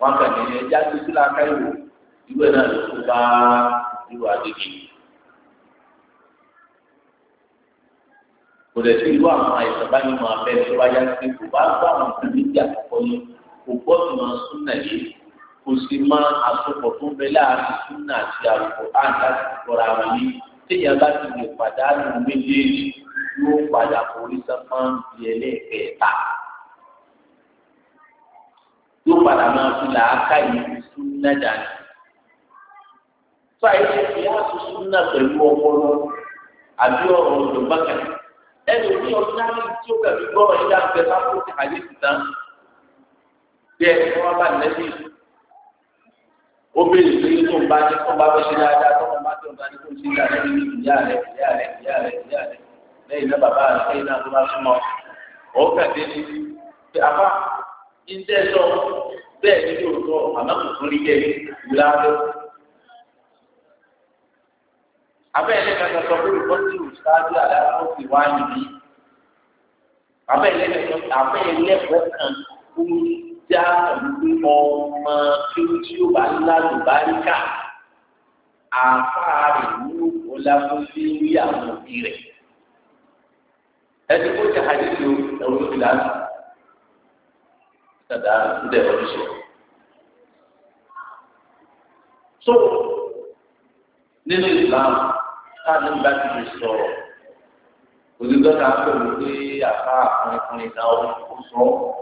[SPEAKER 1] wọn kàn ní ẹja tó tó láká ìwò ìwé náà ló tó bá ìwà àdéhùn. kò lè fi irú àwọn àìsàn bá nínú máa sún kò sì máa àsopọ̀ tó ń bẹ láàrin súnà àti àpò àdáṣe kọ́ra wọn yìí téèyàn bá ti lè pàdánù méjèèjì yóò padà forí sọ́kàn di ẹlẹ́ẹ̀kẹta. yóò padà máa fi làákà yìí súnà dání. sọ àyẹ̀wò fi á tún súnà pẹ̀lú ọpọlọ àbí ọ̀rọ̀ ọ̀dọ̀gbọ́n kan ẹnu ní ọdún náà tí ó kẹ̀lú gbọ́rọ̀ yìí dáhùn pẹ̀lú àpò àyè ti tán. bí ẹni wọn bá nẹ́bí ó béèrè pé tó ń bá ní tó ń bá bọ́ sí dáadáa tó ń bá tó ń bá ní tó ń sí dáadáa ní ìyá rẹ ìyá rẹ ìyá rẹ ìyá rẹ lẹ́yìn náà bàbá rẹ lẹ́yìn náà tó bá súnmọ́ ọ kàdé ní pé àbá ìdẹ sọ bẹ́ẹ̀ ní yóò sọ àmọ́ kò tún rí bẹ́ẹ̀ ìlà rẹ. abẹ́ ẹ̀ lẹ́ka sọ pé olùkọ́ sí ìṣáájú àdáyé ó sì wá yìí abẹ́ ẹ̀ lẹ́ka sọ abẹ́ ẹ̀ lẹ́kọ̀ọ́ kan já pẹ̀lú ọmọ tí ó tí ó bá ń lálù bá ń kà àáfàá rẹ̀ ní ọlábọ́lé rí àwọn òbí rẹ̀. ẹni tó jà ayé ló ẹ̀rọ lálù dada ń dẹ̀ ọ̀rọ̀ so nínú ìlànà táàbí bá ti lè sọ̀rọ̀ òdìgbọ́ta pẹ̀lú pé àfa àkùnrin kan náà ó sọ ọ́.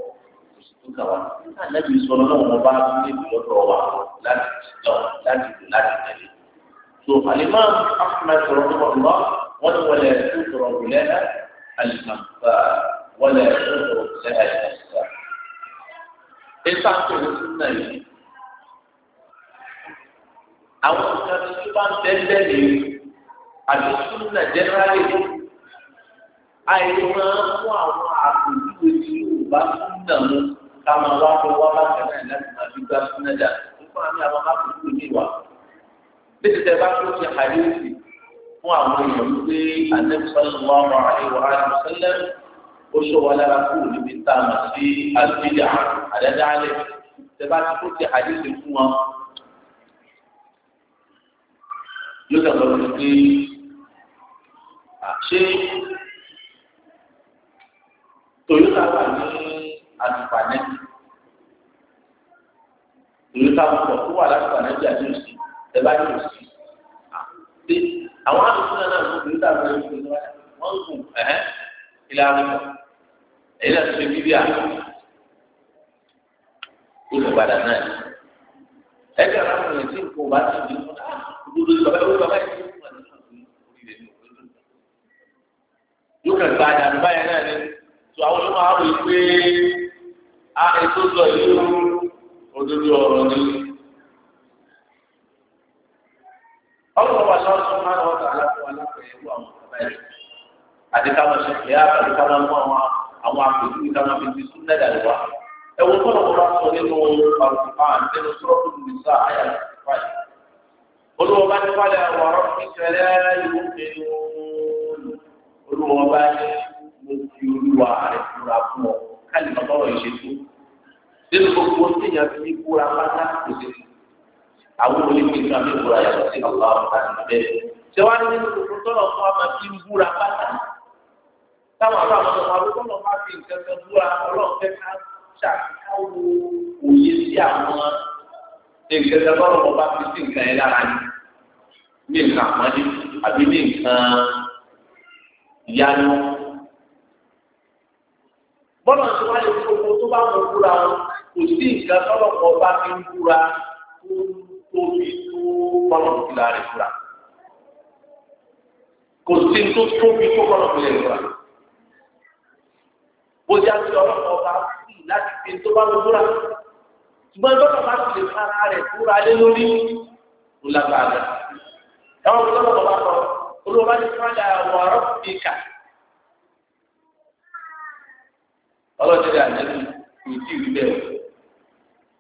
[SPEAKER 1] ìgbà wa nígbà lẹ́bi sọ̀rọ̀ náà wọn bá ní ìlọ́tọ̀ wa láti tọ̀ láti tọ̀ láti tẹ̀lé. tó àlìmọ́ ahmed sọ̀rọ̀ tó wà lọ́wọ́ wọ́n ti wọlé ẹ̀sùn sọ̀rọ̀ wọlé ìlẹ́ àlìmọ̀fà wọlé ẹ̀sùn sọ̀rọ̀ ìlẹ́ àlìmọ̀fà. ẹ̀sà sọ̀rọ̀ sí náà yìí. àwọn ìṣàkóso tó bá ń tẹ́tẹ́ lè àti súnà jẹ́nẹ́rálì àìmọ̀ fún àwọn àpòjúwe tí yóò bá súnà mú káma wá pé wá bá tẹ̀ náà láti máa fi gbá súná dà nípa àmì àwọn akókò ní ìwà. Bẹ́ẹ̀ tẹ bá tó ti hàdíìsì fún àwọn èèyàn wípé àdébùsọ̀lù wà wà àìwà ó ṣọ lára kú níbi tá a mọ̀ sí àdébìdà àdádálẹ̀. Tẹ bá tó ti hàdíìsì fún wọn. Yóò dàgbà wípé àṣé Toyota wà ní àtùpà nẹ́bí ìlú táwọn sọ tó wà látùpà nẹ́bí àti òsì ẹ bá yóò sí àwọn àdúgbò náà náà ló ń dàgbà ní ìlú wọn ń gùn ẹ̀hẹ́ ilé àdúgbò èyí náà ti fi bíbí àná olùpadà náà ẹgbẹ́ àwọn ọmọ yẹn tí kò bá ti di fún un lórí ọ̀bẹ lórí ọ̀bẹ yìí ló wà nínú orí rẹ̀ ní òdodo. yóò kàn gba àdàlù báyẹn náà ni tó àwọn olùkọ́ àwọn ìpè é. a ètò sọ yìí òdodo ọ̀rọ̀ ni. ọlọ́wọ́ wa lọ́wọ́ máa ń wọ́n tà láti wà láti àwọn ọ̀gá yìí.
[SPEAKER 2] ṣe kìlẹ̀ àti mú àwọn
[SPEAKER 1] àwọn àpèjú ìta wọn fi sún lẹ́dà lọ́wọ́. ẹ wo wọn sọ nínú nínú àyà olùwọ́ bá àwọn ọ̀rọ̀ nínú gbogbo téèyàn fi ní kúra pátá kò sí àwọn olùgbèsà mi kúra yàtọ̀ sí ọ̀la ọ̀la níbẹ̀. ṣé wàá ní nínú gbogbo tọ́lọ̀ fún wa máa fi ń búra pátá táwọn àbá àwọn ọmọ àbúrò tọ́lọ̀ máa fi nǹkan kan búra ọlọ́run fẹ́ ká ṣàkíyàwó òye sí àwọn nǹkan kan tọ́lọ̀ wọn bá fi sí nǹkan yẹn lára ní nǹkan àpọ́nlé àbí nǹkan ìyanu. bọ́lá ti wá gbogbo tó bá wọn búra wọn kò sí nǹkan tọ́lọ̀pọ̀ bá fi ń búra tó tóbi tó bọ́lọ̀mù ti láàrin búra. kò sí tó tóbi tó bọ́lọ̀mù lè búra. bó já sí ọlọ́pàá bá sì láti fi tó bá lọ búra. ṣùgbọ́n ìgbọ́dọ̀ bá sì lè fara rẹ̀ búra lé lórí kò lágbára. ẹ̀wọ̀n mi lọ́dọ̀ bá lọ olùwà ní fúnra wà rọ́ọ̀bì kà. ọlọ́dẹ àjẹsí kò tí ì rí bẹ́ẹ̀ o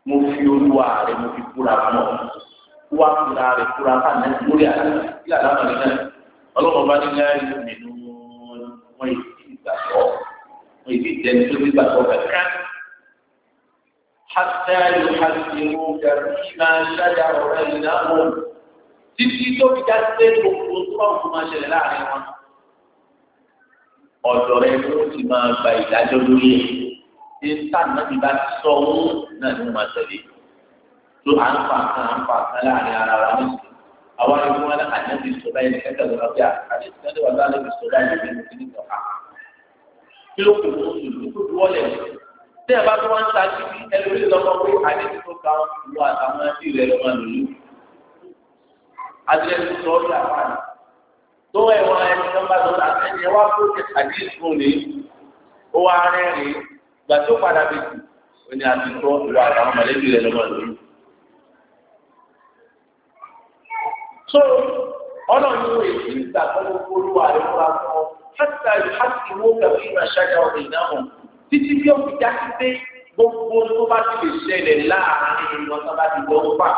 [SPEAKER 1] mo fi olúwa rẹ mo fi kúra fún ọ wá kúra rẹ kúra fún àná lórí àná kí àdámọ̀ rẹ náà ọlọ́run bá ní láyé nínú wọn ìdí ìgbàgbọ́ wọn ìdí ìjẹni tó ní ìgbàgbọ́ kankan. حتى يحذروك فيما شجر بينهم títí tó fi jáde gbogbo tó bá wọn máa ṣẹlẹ̀ láàrin wọn. ọ̀dọ̀ rẹ ló ti máa gba ìdájọ́ lórí ẹ̀ ṣé sáà náà ti bá sọ wọn náà ni wọ́n máa tẹ̀lé tó à ń fa kan à ń fa kan láàrin ara wa ní sùn àwọn ẹni wọn ànábi sọdá yẹn kẹ́kẹ́ lọ́wọ́ bí àkàlẹ́ sẹ́ni wà lọ́wọ́ ànábi sọdá yẹn kẹ́kẹ́ lọ́wọ́ bí àkàlẹ́ kí ló kù fún sùn kó dúró lẹ̀ tí ẹ bá tó wọn ta sí bí ẹlòmí lọ́mọ pé àdéhùn tó ga wọ àtàwọn ẹbí rẹ lọ́mọ lòlú adìrẹ́sì sọ ọ́ bí àpáàdé tó ẹ̀wọ̀n ẹni tó bá tó ta ẹni ẹ wá fún àdéhùn ní ó wá rẹ́rìn-ín gbàtó padà bẹ̀rẹ̀ ó ní àti gbọ́ ìwà àwọn mọ̀lẹ́bí rẹ̀ lọ́wọ́ lórí. so ọ̀nà ni wọ́n èyí ń gbà kọ́ gbogbo olúwa rẹ̀ fúnra kan hátà ìhátì wọ́n kàwé ìmọ̀ ṣáájà ọ̀rẹ́ ìdáhùn títí bí ó fi já sí pé gbogbo tó bá ti lè ṣẹlẹ̀ láàárín wọn tó bá ti gbọ́ fà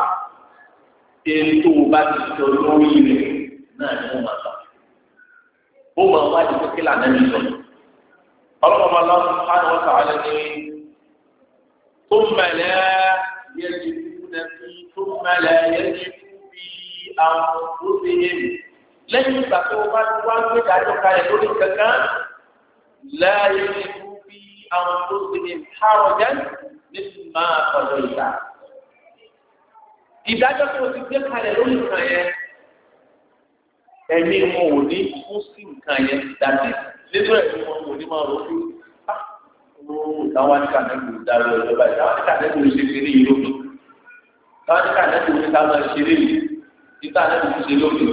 [SPEAKER 1] ètò bá ti sọ lórí rẹ̀ náà ni wọ́n máa sọ. ó máa wá di kékeré mi sọ. ọlọ́mọlá ń pa àwọn sàwọn ẹni ثم لا يجدون في ثم لا يجدون في أنفسهم lẹ́yìn ìgbà tó bá ti wá gbé dájọ́ kalẹ̀ lórí kankan láàyè ikú bí àwọn tó ti ní hàrọ̀jẹ́ nítorí máa tọ̀dọ̀ ìgbà. ìdájọ́ tó ti gbé kalẹ̀ lórí nǹkan yẹn ẹ̀mí wọn ò ní kú sí nǹkan yẹn dájú nítorí ẹ̀mí wọn ò ní máa rò ó táwọn níkà nẹ́bù darí ọjọ́ báyìí táwọn níkà nẹ́bù ṣe kéré yìí lómi táwọn níkà nẹ́bù ṣe ká máa ṣeré yìí títà nẹ́bù ṣe lómi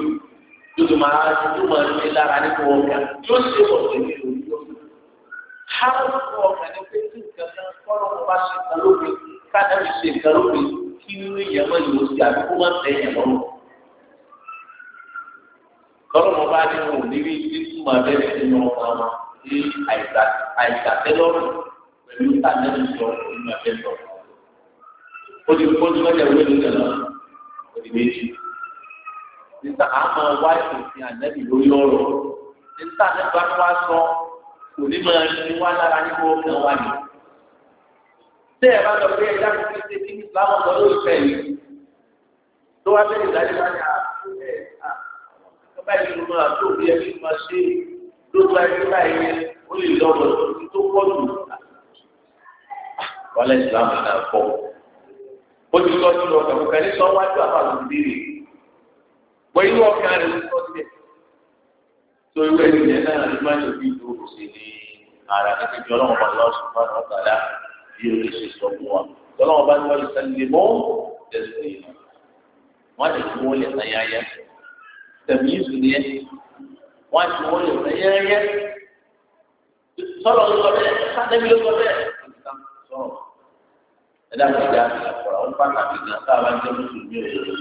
[SPEAKER 1] yóò máa yóò máa ṣe lára nípa ọkàn yóò ṣe ọ̀sẹ̀ ní orí lómi. Háwọn fún ọkàn ní pé kí nǹkan kan kọ́rọ̀ wọn bá ṣe nǹkan túmọ̀ abẹ́rẹ́ nínú ọkàn wọn ní àìsàtẹ́lọ́rùn pẹ̀lú ìtàjẹ́ ìjọ nínú ẹgbẹ́ ìjọ. Ó ti kó tí wọ́n jẹ́ ìwé ìjọ náà, ó ti méjì. Níta à ń máa wá ìsòfin ànẹ́bì lórí ọ̀rọ̀. Níta nípa tí wọ́n sọ kò ní máa ní wá lára nínú ọkàn wa ni. Ṣé ẹ bá lọ pé ẹja kò fi ṣe kí Ìsìlámù sọ lórí ìfẹ́ yìí? Tó wá bẹ̀rẹ̀ ìdájọ́ wá ní àkókò ẹ̀ máa tó bí ẹbí máa ṣe lóògbà ẹgbẹ́ báyìí ó lè lọ́wọ́ tó pọ̀ jù wọlé islam náà bọ̀ ó ti lọ sí ọkàn kò kẹ́lẹ́ sọ wájú àbálò ìbéèrè wọ́n inú ọkàn rẹ̀ ló sọ sílẹ̀ tó ìwé ìdílé náà ló máa ń lò bí ìlú òsè ní ara níbi tí ọlọ́run bá lọ́ọ́ sùn fún ọ̀tá dá bí o lè ṣe sọ fún wa ọlọ́run bá ní wọ́n lè sẹ́ni lè mọ́ ẹ̀sìn ìlú wọ́n lè fún wọn lè sẹ́yáyá tẹ̀mí ìsúnni ẹ̀ wọ́n ti wọ́n lè sẹ́yáyá sọ̀rọ̀ ló sọ bẹ́ẹ̀ sátẹ́bí
[SPEAKER 2] ẹ̀dá mi ìjà mi
[SPEAKER 1] àkọ́rọ̀ ó pàtàkì gan tá a bá jẹ́ mùsùlùmí òdodo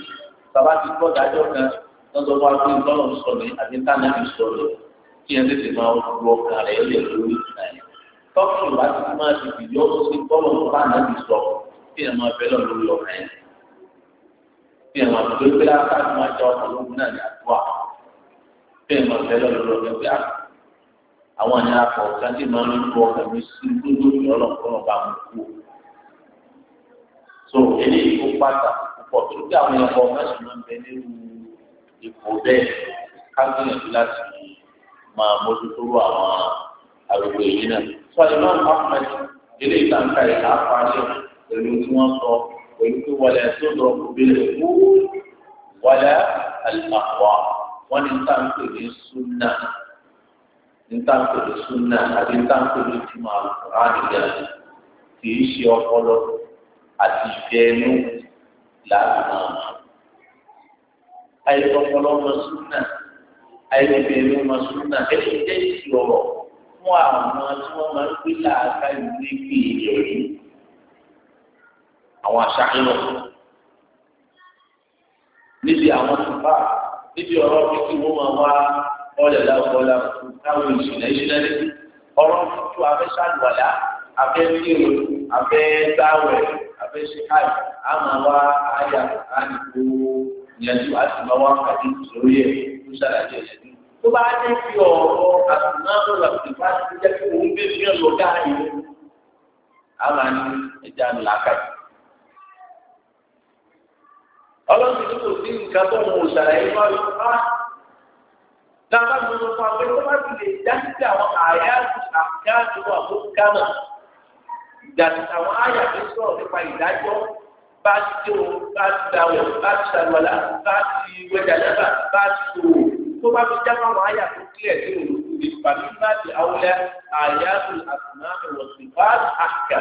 [SPEAKER 1] bàbá ti kọ́ dájọ́ kan lọ́dọ̀ wá pé ìtọ́lọ̀ sọ ní àti tánà mi sọ lọ kí ẹ tètè máa wọ ọkàn rẹ̀ lè lórí ìtàn tọ́kì wá ti máa ti fìdí ọdún sí tọ́lọ̀ tánà mi sọ kí ẹ máa bẹ́ lọ lórí ọkàn yẹn kí ẹ máa tó pé láta ti máa jẹ ọkàn lógun náà ní àdúrà kí ẹ máa bẹ́ lọ lórí ọkàn pé ah, àwọn àyàn akọ̀ ọ̀sán máa ń lo ọkàn mi sí gbogbo ìyọ́lọ̀
[SPEAKER 2] tó eléyìí kó
[SPEAKER 1] pàtàkì púpọ̀ tó kí àwọn ẹ̀kọ́ mẹ́sàn-án máa ń bẹ nínú ipò bẹ́ẹ̀ kábíyèsí láti máa mójútó àwọn àrùkọ èyí náà. sọ ìmọ̀ ahmed eléyìí tá n ka ìhà pàṣẹ pẹ̀lú tí wọ́n sọ pẹ̀lú pé wọlé tó lọ obìnrin kú wọlé àlùmọ̀wá wọ́n ní tá ní súnà ní tá ní súnà àti tá ní tìmọ̀ àlùkò àti ìfẹ́ ẹnu làwọn ọmọ. Àìsọ̀pọ̀lọ́ ọmọ súnà, àìsọ̀pẹ̀ ẹnu ọmọ súnà, ẹni jẹ́ ìsì ọ̀rọ̀ fún àwọn tí wọ́n máa ń gbé làákà ìwé gbé ẹ̀rí. Àwọn àṣàyàn níbi àwọn tùbà níbi ọ̀rọ̀ kíkì wọ́n máa wá ọ̀lẹ̀ láwùjọ́lá táwọn ìṣẹ̀lẹ̀ ìṣẹ̀lẹ̀ ọ̀rọ̀ tuntun abẹ́sàlùwàlá abẹ́ńkìrò abẹ́gbáwẹ̀ abẹ́ṣe káyì àmọ́ wá ayé àbùkánì kó yanjú àti máa wá pàdé lórí ẹ̀ tó ṣàlàyé ẹ̀ sí. tó bá dé fi ọ̀rọ̀ àtúnáwó làbùkù bá ti jẹ́ kí òun gbé fi ọ̀lọ́ dáàyè àmọ́ ní ẹja ńlá káyì. ọlọ́run ti kò sí nǹkan tó mọ̀ ṣàlàyé wá ló bá dáadáa ló lọ fún abẹ́rẹ́ tó bá ti lè dá yàtọ̀ àwọn àyà tó sọ̀rọ̀ nípa ìdájọ́ bá ti dé o bá ti da o bá ti sàlùwàlà bá ti wẹ̀dà lẹ́bà bá ti dò o tó bá fi jábọ̀ àwọn àyà tó kílẹ̀ ní òru ìpàdé bá ti àwọlẹ̀ àyà tó àtúná ìwọ̀sì bá àkà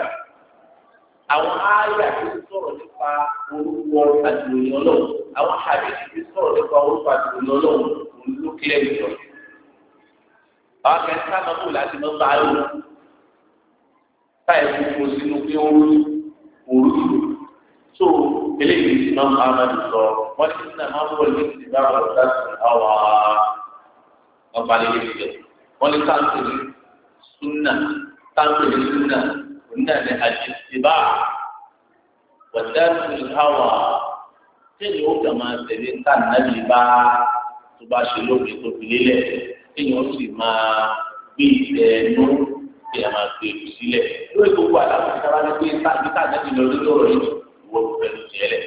[SPEAKER 1] àwọn àyà tó sọ̀rọ̀ nípa orúkọ àdìròyìn ọlọ́run àwọn àdìròyìn tó sọ̀rọ̀ nípa orúkọ àdìròyìn ọlọ́run òun ló kílẹ̀ nìyọ̀. àwọn akẹ́kọ̀ọ́ táyà fúnfún sínú pé ó rú òru tó eléyìí ti máa ń bá ọmọdé sọ wọn ti ní àmọ́ wọn ní ti bá wọn láti àwà ọba lè lè jẹ wọn ní táǹkì ní súnà táǹkì ní súnà onídàá ní àjẹsíbá wọn dáàbò ní àwà téèyàn ó kàn máa tẹ̀lé káànáàbì bá tó bá ṣe lóbi tó fi lélẹ̀ téèyàn ó sì máa gbé ìtẹ̀ẹ́nú kí ẹ máa fi ètò sílẹ̀ lórí gbogbo àlàfo ìjọba ní pé táàbí táàbí lọ lórí ọ̀rọ̀ yìí wọ́n kò fẹ́ lóṣù ẹlẹ̀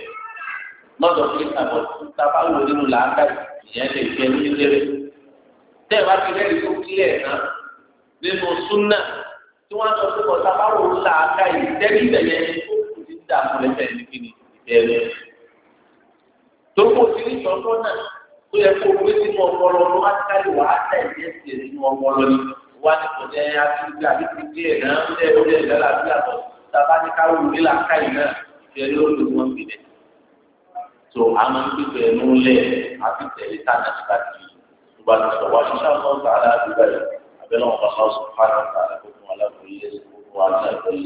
[SPEAKER 1] lọ́dọ̀ fi ìtàbọ̀ tábà wò nínú làákà ìyẹn lè fi ẹni lérè tẹ́ ẹ bá fi lẹ́rìí tó kílẹ̀ náà nínú súnà tí wọ́n sọ pé kọ́ta bá wò làákà yìí tẹ́lẹ̀ ìbẹ̀yẹ tó kò sí ní ìṣọ̀kan náà ó yẹ kó o gbé sínú ọpọlọ lọ́wọ́ wá ní kò jẹ́ àtúntì àdìsí díẹ̀ náà ń tẹ́ orí ẹ̀dá láti àtọ̀ tàbá ní káwọ́ òní là káyì náà ìfẹ́ lórí wọn bì dẹ̀. tó a máa ń pípẹ́ ẹnu lẹ̀ àti tẹ̀lé tá àná nípa ti ìgbà tó sọ wá ṣíṣá ọ̀sán sàárà àdúgbò rẹ̀ abẹ́lẹ́ wọn bá sọ fún aláboyè kó aláboyè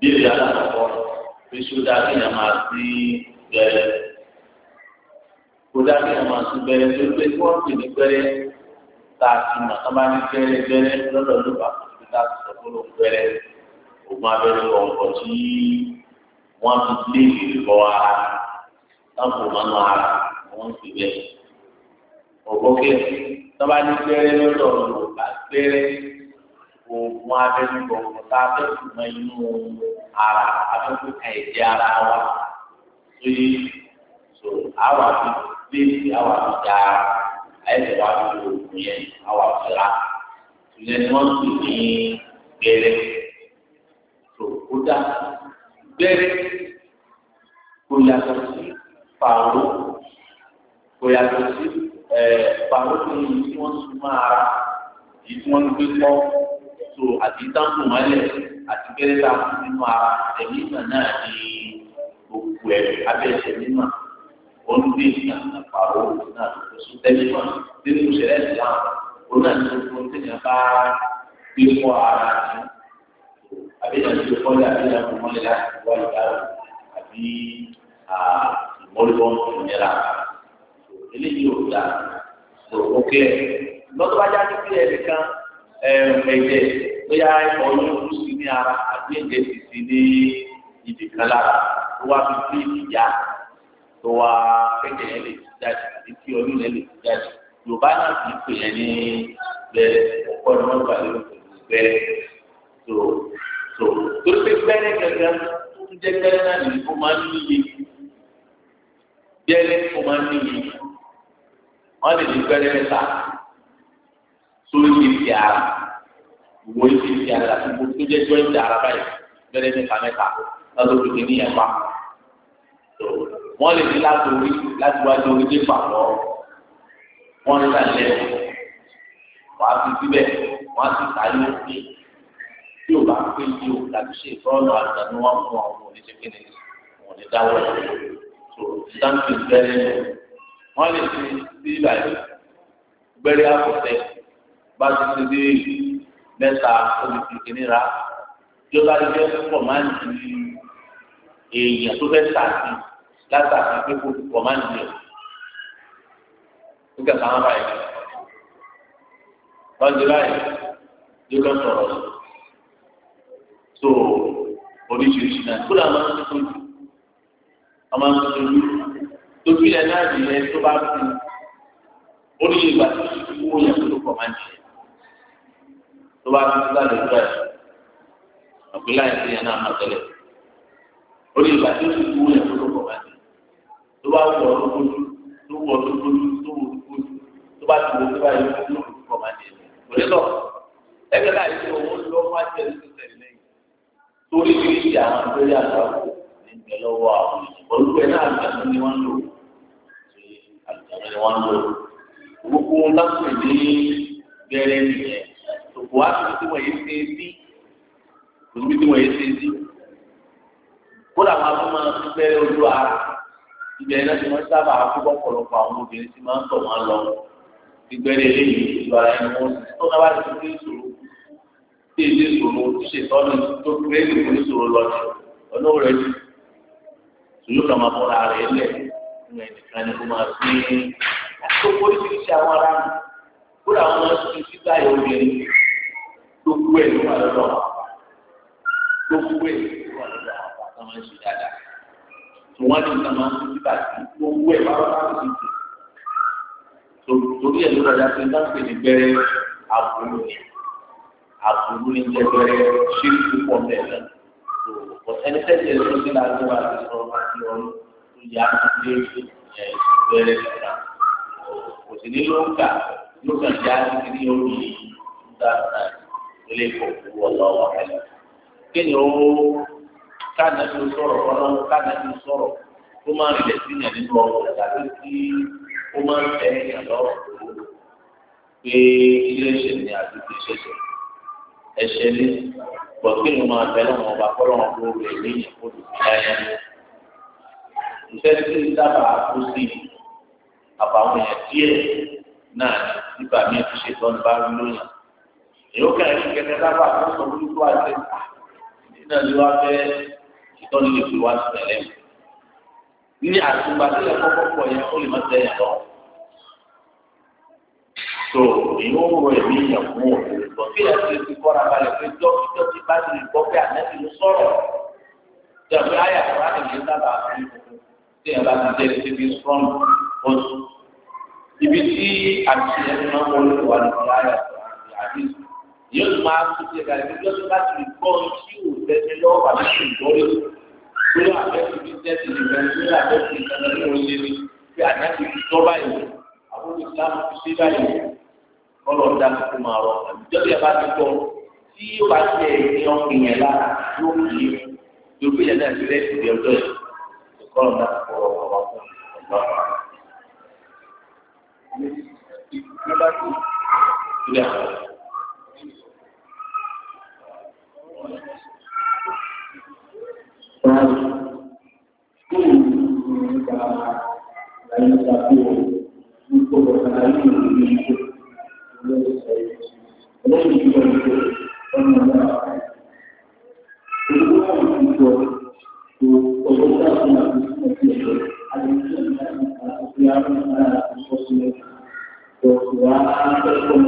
[SPEAKER 1] bí ìyá àkọ́kọ́ fi sódà kí ni a máa sí bẹ́ẹ̀ kódà kí ni a máa sí bẹ́ẹ̀ tó gbé kí wọ́n pè ní gbẹ́rẹ́ tá a ti mọ̀ tó bá ní gbẹ́rẹ́ gbẹ́rẹ́ lọ́dọ̀ ló bá kó tó tá a sọ fún un gbẹ́rẹ́ ògùn abẹ́rẹ́ kọ̀ọ̀kan tí wọ́n fi lé ìrìbọ ara láǹfò mọ́nú ara wọ́n fi bẹ́ẹ̀ ògbókè tó bá ní gbẹ́rẹ́ lọ́dọ̀ ló bá gbẹ́rẹ́ oògùn abẹ́nugbọ̀ ọ̀tá abẹ́nugbọ̀ inú ara abẹ́nugbọ̀ ẹ̀jẹ̀ ara wa tó yé so àwọn àti bíbí àwọn àti dá ẹ̀jẹ̀ wa ti lo oògùn yẹn àwọn àti rà ìyẹn ni wọ́n ti ní gbẹrẹ so ó dá gbẹrẹ kò yàtọ̀ sí pàrọ̀ kò yàtọ̀ sí ẹ̀ tó yẹ kí wọ́n sún mọ́ ara èyí tí wọ́n ń gbé pọ́ so àti táǹkù mọ́lẹ̀ àti bẹ́rẹ̀ bá fún nínú ara ẹ̀mí náà náà ní òkú ẹ̀ abẹ́ẹ̀sẹ̀ mímọ́ olùdé ìgbà pàrọ̀ náà tó sún tẹ́lẹ̀ mọ́ nínú ìṣẹ̀lẹ̀ ìlà òun náà ní gbogbo tẹ̀lé bá gbé fọ́ ara rẹ̀ àbíyàn tó kọ́lé àbíyàn tó mọ́lẹ̀ láti wá ìdá àbí ìmọ̀lẹ́wọ̀n ìnira eléyìí ò dáa lọ́kẹ́ lọ́tọ́ ajá tó bóyá ọyún ojú sí ní ara àti ẹ̀jẹ̀ sì sí ní ibì kan lára tó wá fi bí ìyá tó wá kẹ̀kẹ́ yẹn lè ti jáde àti tí ọyún yẹn lè ti jáde yorùbá náà kì í pè yẹn ní bẹ́ẹ̀ ọ̀pọ̀ ni wọ́n gbà lérò pẹ̀lú bẹ́ẹ̀ tó tó torí pé bẹ́ẹ̀rẹ̀ gẹ́gẹ́ tó ń jẹ́ bẹ́ẹ̀rẹ̀ náà nìyí ó máa ń níye bẹ́ẹ̀rẹ̀ ó máa ń níye wọ́n lè ní bẹ́ẹ̀rẹ̀ mẹ́ta sórí ìdí ara wo ibi ti ara gbogbo tó jẹ́ jọ́ ìdá ara báyìí bẹ́rẹ̀ mẹ́ta mẹ́ta lọ́dọ̀ tó ti ní ẹ̀fà. wọ́n lè ní láti orí láti wá lórí dé pàpọ̀ wọ́n ń ta ilẹ̀ wọ́n á fi síbẹ̀ wọ́n á sì ta ilé òfin tí ò bá pé yìí ò tàbí ṣe ìtọ́nà àgbàdo wọn fún àwọn ọmọ oníṣẹ́ kíni wọn lè dáwọ́ ẹ̀ tó sáńtì bẹ́rẹ̀ wọ́n lè fi sí ìbàdàn gbẹ́rẹ́ àkọsẹ́ bá ti ti dé ìlú mẹ́ta olùkí kìnìra yóò bá jẹ́ púpọ̀ máa ń di èèyàn tó fẹ́ sàtì látàkì pé púpọ̀ máa ń di ẹ̀ nígbà táwọn báyìí wọ́n ti báyìí yóò kàn sọ̀rọ̀ so oríṣiríṣi náà kúrò àwọn ọmọ tuntun ọmọ tuntun lójú ilẹ̀ náà nìyẹn tó bá fi oríṣiríṣi ìgbà tó ti kú ó yẹ tó pọ̀ máa ń di ẹ̀ tó bá ti sáà lè fẹ́ àpilá ẹ̀sìn yẹn náà máa tẹ̀lé orí ìgbà tí ó ti kú yẹn tó kọ̀ báyìí tó bá wù ọ́ lójú tó wù ọ́ lójú tó wù ọ́ lójú tó bá ti wù ọ́ báyìí tó wù ọ́ kọ̀ báyìí kò ní lọ ẹgbẹ́ náà yìí owó ló máa jẹ́ ní sísẹ̀ lẹ́yìn torí bí ìdí àwọn abẹ́rẹ́ àgbàkù ní ìgbẹ́ lọ́wọ́ àwọn ènìyàn olùkọ́ náà àgbàdo ni wọ́n lò àgbàdo ni wọ́n lò gbogbo ńlá pè ní gẹ́rẹ́ nìyẹn kò wá síbi tí wọ́n yé ṣe é sí kò síbi tí wọ́n yé ṣe é sí kó làwọn abúmọ̀ fífẹ́ ojú ara ibẹ̀ náà ni wọ́n sábà kúbọ̀ pọ̀lọpọ̀ àwọn obìnrin tí máa ń tọ̀ wọ́n lọ gbígbẹ́rẹ́ eléyìí ìlú ara ẹni wọn sì tó náà bá ti fi ìṣòro tí èdè ìṣòro ṣe tọ́nu tó kéré ìṣòro ìṣòro lọ sí ọ̀nà rẹ̀ jù sùúrù kan máa bọ́ra rẹ̀ lẹ̀ nínú ẹnìkan ni kó máa fi àkókò oríṣiríṣi àwọn ará mi kó gbogbo ẹ̀ ló wà lọ́dọ̀ gbogbo ẹ̀ ló wà lọ́dọ̀ àwọn àgbà máa ń ṣe dáadáa wọ́n ní nǹkan máa ń fi bàtí gbogbo ẹ̀ bá wà láti tù torí ẹ̀ ló rọra pé dáńpé ní bẹ́rẹ̀ àbúrò ni àbúrò ni jẹ́ bẹ́rẹ̀ ṣé púpọ̀ bẹ́ẹ̀ náà ọ̀sẹ̀ni tẹ̀sí ẹ̀rọ sí láti wá sí ọ̀rọ̀ àti ọ̀rọ̀ tó yá lé ẹ̀ bẹ̀rẹ̀ kò sì ní ń kà ló kàn já sí ní orí ìlú ilé ìfowópamọ́ ọlọ́wọ́ ẹ̀lẹ́. kéèyàn ó káàdì tó sọ̀rọ̀ ọlọ́wọ́ káàdì tó sọ̀rọ̀ tó máa ń rìn lẹ́sìn yẹn nínú ọ̀rọ̀ tàbí kí ó máa ń tẹ̀ yẹn lọ́rọ̀ pé ilé ẹ̀ṣẹ̀ ni àti kì í ṣẹ̀ṣẹ̀ ẹ̀ṣẹ̀ ni pọ̀ kéèyàn máa bẹ lọ́wọ́ ọba kọ́lọ́wọ́ tó kó tó ní. ìfẹ́ tí ń dábàá kó sí àbàwọn èèyàn díẹ̀ ní bá lóyún èyí ká ẹni kẹtẹ lábà tó sọ fún ikú àti nínú ẹni wá fẹ ìtọ́ni lè fi wá tẹ̀lé ní àtúgbà tí ẹ kọ́kọ́ pọ̀ yẹn ó lè má tẹ̀ yẹn lọ. tó èyí ó rọ ẹ̀mí yẹn fún òkú tó fi ẹsẹ̀ ti kọ́ra balẹ̀ pé dókítà ti bá ti gbọ́ pé ànẹ́bí ló sọ̀rọ̀ jàpé àyà fún àtẹ̀lé sábà fún tí ẹ bá ti jẹ́ ẹni tí bí ibi tí àti ẹni máa wọlé wà lórí àyà àti àdéhùn yóò tún máa tún ṣe kàlẹ́ nígbà tó bá ti gbọ́ tí ò tẹ́tí lọ́wọ́ àti ìgbọ́lé tó yóò àfẹ́sí bí tẹ́tí nìkan tó yóò àfẹ́sí nìkan tó yóò lé ní pé àdáṣe ti tọ́ báyìí àwọn ìsìlámù ti ṣe báyìí kọ́lọ̀ ń dáná kó máa rọ àbíjọ́ bí ẹ bá ti gbọ́ tí yóò bá ti ẹ̀ ní ọkùnrin yẹn lára yóò kì í yóò fi yẹn náà ti rẹ́sì bí ọjọ́ yìí kọ́lọ̀ ń dáná kó rọ ọ̀rọ̀ fún ọ̀gbọ́n. Gracias.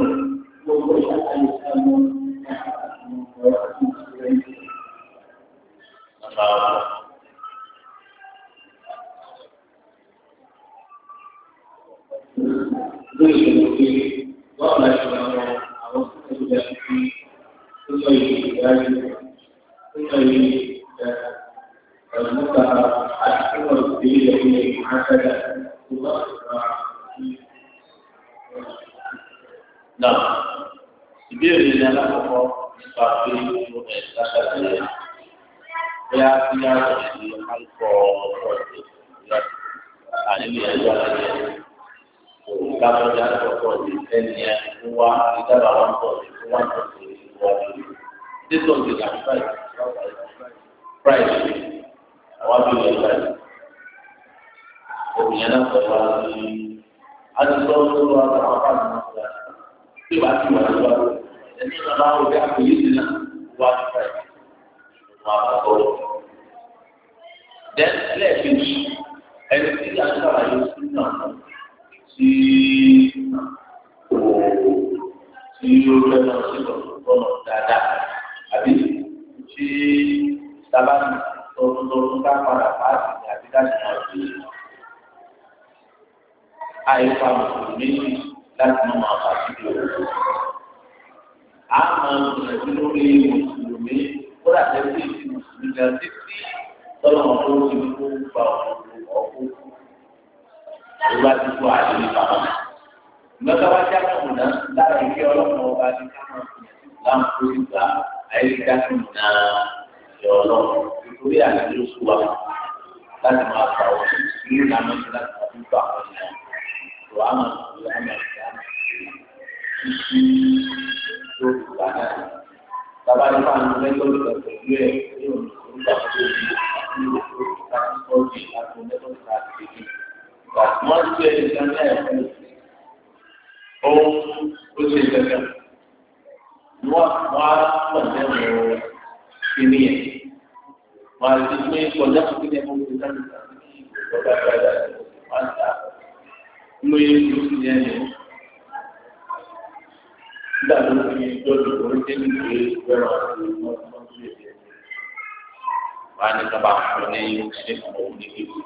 [SPEAKER 1] wà ní sábà fún ní ẹni fún ní bíbí.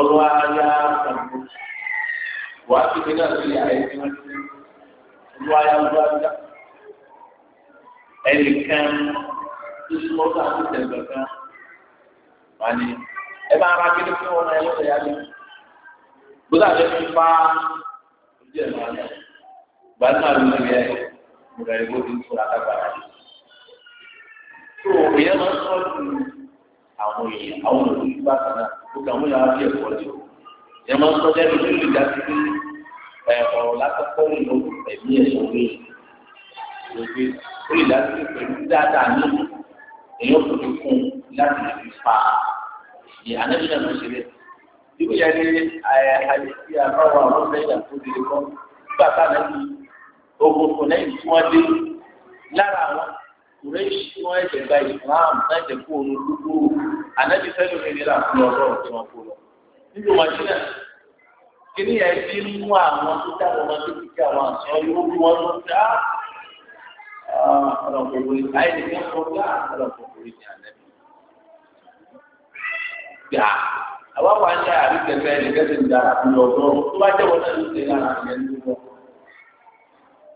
[SPEAKER 1] olùwà yá kàmú wà á ti gbéra sí àyè tí wọn ti olùwà yá olùwà yá ẹnìkan tó súnmọ́ ká tó tẹ̀lé kan wà ẹ máa ra kí ló fún wọn ẹ lọ́sẹ̀ yá ni gbọ́dọ̀ àti ẹni fa ojú ẹ̀ máa gbàdúrà lórí ẹ̀ mo rẹ̀ ló ti rẹ̀ èèyàn máa ń sọ ju àwọn èèyàn àwọn olùdíje bá kan náà ó kà wọ́n yàrá bí ẹ̀kọ́ ọ̀dọ́ èèyàn máa ń sọ jẹ́ lójú ìlú ìjà sí pé ọ̀rọ̀ lásìkò ìlú ẹ̀mí ẹ̀yọ́ ní ìlú ó lè láti fi pẹ̀lú dáadáa ní èèyàn kò fún un láti fi fa ìyẹn anábìyà ló ṣe lẹ́yìn ibi yẹn ni àyẹ̀sí àbáwọ̀ àwọn ọ̀gbẹ́yà tó di ikọ́ nígbà táwọn kùrẹ́ṣì wọn ẹ̀jẹ̀ gba islam láìjẹ́ kó o lóko kó o ànábi fẹ́ lómi nílà fún ọ̀rọ̀ tí wọ́n kó lọ. nínú màjínà kíní yẹn ti ń mú àwọn tó dáwọ́ wọn tó kíkẹ́ àwọn àṣọ yóò ah, bí wọ́n lọ dá ọ̀rọ̀kùnrin àìní kan kọ́ dá ọ̀rọ̀kùnrin ní ànábi. gbà àwọn àwọn àṣà àríkẹ́fẹ́ ẹ̀ẹ́dẹ́gbẹ́sẹ̀ ń dára fún ọ̀rọ̀ tó bá jẹ́ wọn náà ló ṣe lára àgbẹ̀ nínú wọn.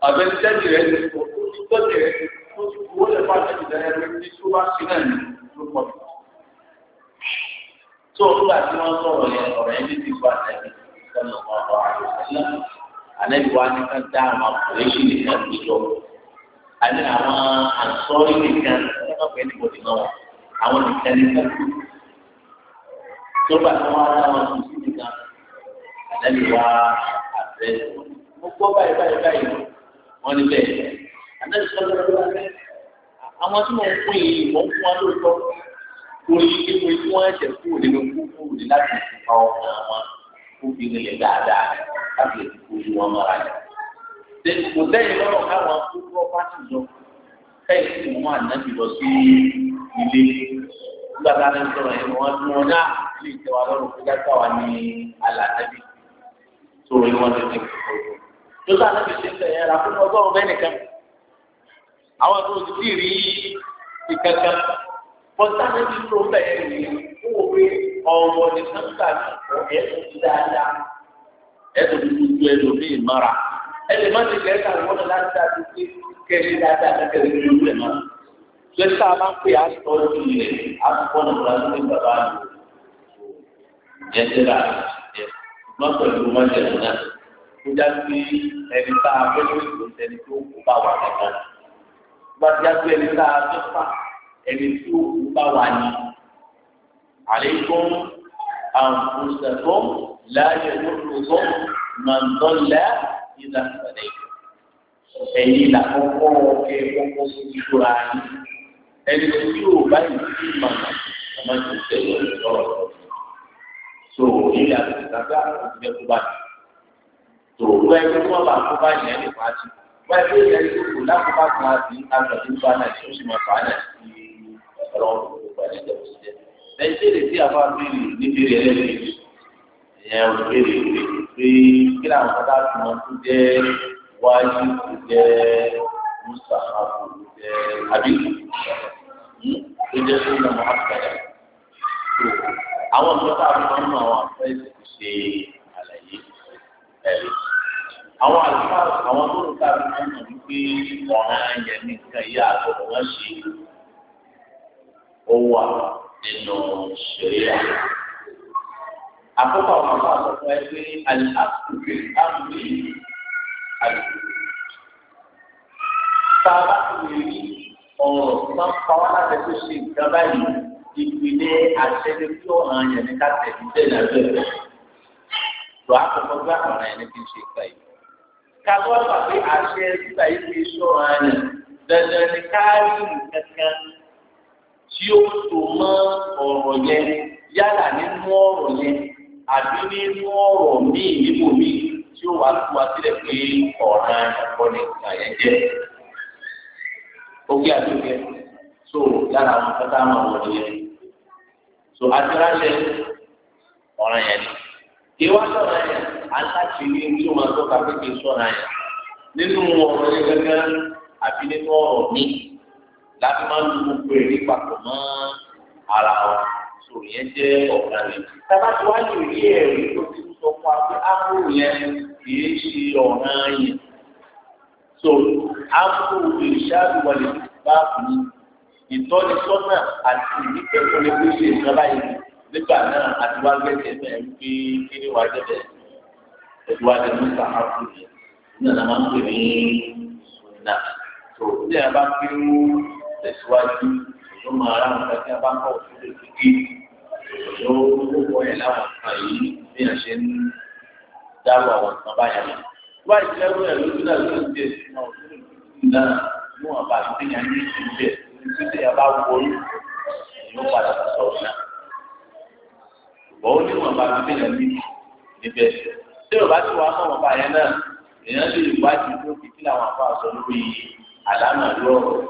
[SPEAKER 1] ọ̀gbẹ́ni tẹ́jú rẹ̀ ti kọ́ tó tẹ́jú rẹ̀ ti ó lè bá tẹ̀lé ìdẹ́rẹ́ pé tó bá sí náà ní ló pọ̀ jù. tó o nígbà tí wọ́n sọ̀rọ̀ yẹn ọ̀rọ̀ yẹn ní ti gba àtẹ̀lé sọ́nà ọ̀rọ̀ àlùfáà àlẹ́bí wa ní ká dá àwọn àpòlẹ́sì nìkan níjọ àti àwọn àsọ́rí nìkan nígbà pé níbodè náà àwọn nìkan nìkan tó bá tí wọ́n á dá wọn sùn sí nìkan àlẹ́bí wa àtẹ̀ mo gbọ́ báyìí báyìí báyìí wọ́n ní bẹ́ẹ̀ àtẹ́lẹ̀ sọ́dọ̀ lọ́dọ̀ alẹ́ àwọn tí wọ́n fún yìí mọ̀ ń fún wa lóòótọ́ orí ìwé tí wọ́n ẹ̀ṣẹ̀ kúrò nínú kúrò ní láti fa ọmọ wọn obìnrin lè dáadáa láti lè kó ju wọn mọ́ra yẹn. kò sẹ́yìn lọ́rọ̀ káwọn kúrò pátì lọ kẹ́yìn tí wọ́n ànábì lọ sí ilé nígbà tá a lè sọ̀rọ̀ yẹn wọ́n tún wọn náà lè tẹ wa lọ́rùn kó dáká wa ní alàdábì sọ̀rọ̀ yìí wọ́n ti tẹ̀ kúrò. lọ́sọ̀ ànábì ṣe ń àwọn tó ti fi rí ìkẹkẹ bọ́tà ní ti tó bẹ́ẹ̀ ni ó wò pé ọ̀wọ́ ní sọ́ńtà ní ọ̀gẹ́ tó ti dáadáa ẹ̀sùn tó ti ju ẹ̀sùn ní ìmọ̀ra ẹ̀sùn má ti kẹ́kẹ́ àwọn ọ̀nà láti dá sí pé kẹ́sì dáadáa kẹ́kẹ́ lè fi ìlú ẹ̀ mọ́ lẹ́sà máa ń pè àtọ́ ju ilẹ̀ àtúkọ́ nàbọ̀lá tó ní bàbá àlù ẹ̀sẹ̀ra lọ́sọ̀ ìlú mọ́jẹ̀ náà ó já ẹni tá a fẹ́ lóṣù tẹni tó kó bá wà lẹ́kọ̀ọ́ gbadagbe ẹni tá a tó fà ẹni tí o kú bá wà ní. àlékún àǹfùsẹ̀fọ́ láàyè lóṣooṣọ́ màndọ́lẹ́ ìlà sàlẹ̀. ẹ̀yin ìlà kọ́kọ́ ọ̀kẹ́ kọ́kọ́ sí ìṣúra yín. ẹni tí o bá yìí màmá ọmọ tó tẹ̀lé ọ̀rọ̀ so ilé àti ìgbàgbé àwọn òṣìṣẹ́ kó bá yìí. tó o tó wà bá kó bá yìí ẹni pa á ti kú wọ́n ti yẹ ìdókòwò láti bá kan àti àgbàdo bá náà tó sì máa fàá náà sí ọlọ́run tó bá ní ìjọba sí jẹ. lẹ́yìn tí èrè tí a bá béèrè níbi rẹ̀ lẹ́yìn ìyẹn ò béèrè rẹ̀ pé kí làwọn bá tún wọn tó jẹ́ wáyé tó jẹ́ mùsàlá tó jẹ́ àbí tó jẹ́ tó nà máa fẹ́rẹ̀. àwọn ìjọba àwọn ọmọ àwọn afẹ́ ìṣe àlàyé ẹ̀rí àwọn àlùfáà àwọn tó ń ká bí wọ́n mọ̀ wípé ọ̀ràn yẹn nìkan yìí àtọ̀tọ̀ wọ́n ṣe ó wà nínú ṣẹ̀ríà. àkókò àwọn àbá àtọ̀tọ̀ ẹ pé àlùfáà àmì àlùfáà tá a bá ti lè rí ọ̀rọ̀ máa ń pa wá láti tó ṣe nǹkan báyìí ìpìlẹ̀ àṣẹlẹ̀ tí ọ̀ràn yẹn ní tẹ̀lé bẹ́ẹ̀ lábẹ́ rẹ̀. Rọ̀ àkọ́kọ́ gbá ọ̀ràn yẹn ní ṣe ìgbà kábọ́ pàpé àṣẹ nígbà yìí fi sọ àná dandan ni káàrí kankan tí ó tó mọ́ ọ̀rọ̀ yẹn yálà nínú ọ̀rọ̀ yẹn àbí nínú ọ̀rọ̀ míì níbo míì tí ó wàá tú wa sílẹ̀ pé ọ̀ràn ọ̀nì àyẹ̀ jẹ́. Oge àdúgbò so yálà àwọn kọ́tà máa wọ̀ nìyẹn. So àti ránṣẹ́ ọ̀ràn yẹn ni kí wá sọ̀rọ̀ yẹn aláṣẹ ní ojú máa tó ká pépé sọ̀rọ̀ yẹn nínú ọ̀rọ̀ yẹn gẹ́gẹ́ àbí nínú ọ̀rọ̀ mi láti máa ń lu gbogbo èrè papọ̀ mọ́ ara wọn sọ̀rọ̀ yẹn jẹ́ ọ̀gá rẹ̀. sábà tí wàá lè rí ẹ̀rí tó ti sọ fún wa pé yẹn kì ṣe ọ̀ràn yẹn. so ámú ìṣáàbù wọlé bá mi ìtọ́nisọ́nà àti ìdíkẹ́kọ̀ọ́ lè fi ṣe ìjọba yìí nígbà náà àti wá gbẹ́sẹ̀ náà ń gbé kiri wá débẹ̀ ẹ̀dù wá dé ní sàmàkù yẹn ní ọ̀nà máa ń pè ní ìnà tó ní ẹ̀ bá fi ń tẹ̀síwájú ló máa rà wọn kí a bá ń kọ́ òfin lè fi kí ló ń wọ ẹ̀ láwọn kan yìí bí a ṣe ń dárò àwọn kan báyà lọ. wá ìṣẹ́rú ẹ̀ lójú náà ló ń jẹ́ ìṣúná òfin lè fi kí náà níwọ̀n bá ti tẹ̀yàn ní ìṣúná ìṣúná ìyá bá wọlé ìyó padà sọ̀rọ̀ náà òun ní wọn bá bíbí yẹn bí níbẹ̀ tí o bá ti wà mọ̀ wọn bá yẹn náà èèyàn lè wájú tó fi kí làwọn afọ àṣọ lórí àdámà lọ́rọ̀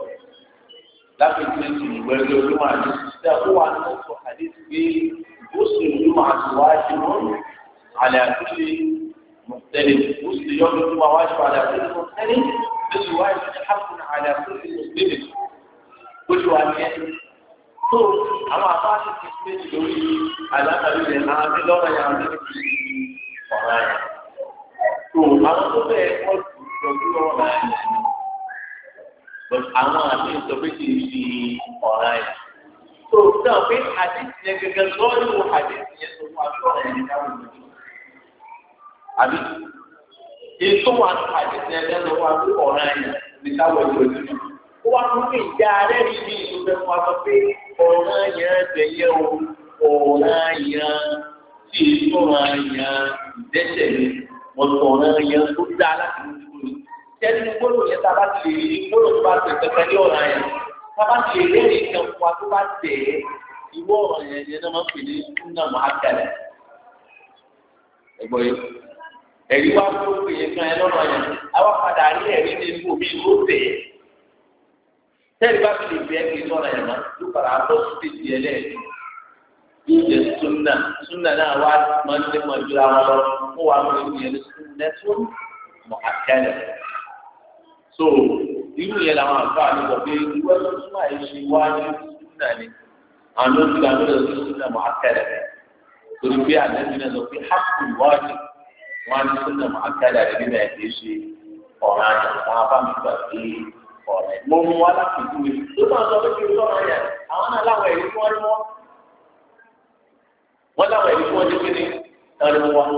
[SPEAKER 1] lápẹjù ti ìgbẹ́lú olúmọ àti sísẹ ó wà ní oṣù àdéhùn pé ó sì olúmọ àti wájú wọn àlẹ àtúnṣe mọ̀tẹ́lẹ̀ ó sì yọ ní olúmọ wájú àlẹ àtúnṣe mọ̀tẹ́lẹ̀ ó sì wájú ní hàkùn àtúnṣe mọ̀tẹ́lẹ̀ ó sì wà ní ẹni tó àwọn àbáṣe ti pé lórí àlàkàlù rẹ̀ máa fi lọ́wọ́ ya ní ọ̀rá rẹ̀. tó àwọn tó bẹ̀ẹ́ kọ́ lójú ọ̀rá rẹ̀ àwọn àmì ìsọ̀bẹ́sì fi ọ̀rá rẹ̀. tó náà pé àdìsí yẹn gẹ́gẹ́ lọ́ọ̀lù àdìsí yẹn tó wà lọ́ọ̀rọ̀ yẹn dáhùn lójú. àbí ètò àdìsí yẹn gẹ́gẹ́ lọ́wọ́ àbí ọ̀rá rẹ̀ ní káwọ̀ ìwé lójú ó wá fún mi ìjà rẹ̀ rí ní ìlú bẹ́ẹ̀ fún wa sọ pé ọ̀ràn yẹn tẹ̀yẹ o ọ̀ràn yẹn tí èso ọ̀ràn yẹn ìdẹ́sẹ̀ mi wọ́n sọ ọ̀ràn yẹn tó dá láti mú mi. sẹ́ni gbọ́dọ̀ yẹn tá a bá ti lè rí gbọ́dọ̀ tó bá tẹ̀ kẹ́kẹ́ ní ọ̀ràn yẹn tá a bá ti lè rí ìkan fún wa tó bá tẹ̀ ìwọ ọ̀ràn yẹn yẹn náà máa ń pè ní súnà máa kẹlẹ̀. ẹgbẹ́ yìí ẹ̀rí wá fún òkè yẹn kan ẹ lọ́nà yẹn àwọn padà rí ẹ̀rí ní ibò mi ló tẹ̀ tẹ́lẹ̀ bá fi lè fi ẹgbẹ́ sọ̀rọ̀ ẹ̀ máa ló fara bọ́ sí ti ẹ̀ lẹ́yìn yóò jẹ́ súnà súnà náà wá máa ń lé mọ́ ju ara lọ ó wà lórí ìyẹn ní súnà tó mọ̀ àkẹ́lẹ̀. so irú yẹn làwọn àgbà mi sọ pé ìwé tó súnmọ́ àìṣe wá ní súnà ni àwọn olùgbà ló lọ súnà mọ̀ àkẹ́lẹ̀ torí pé àlejò náà sọ pé hápù wájú wọn ní súnà mọ̀ àkẹ́lẹ̀ rẹ̀ nígbà ẹ̀ ọkọ rẹ mo mú wa láti dúwe tó náà sọ pé kí n sọ̀rọ̀ yẹn àwọn náà láwọn ẹ̀rí tí wọ́n rí wọn wọ́n láwọn ẹ̀rí tí wọ́n dé kéde ẹ̀rí wọn.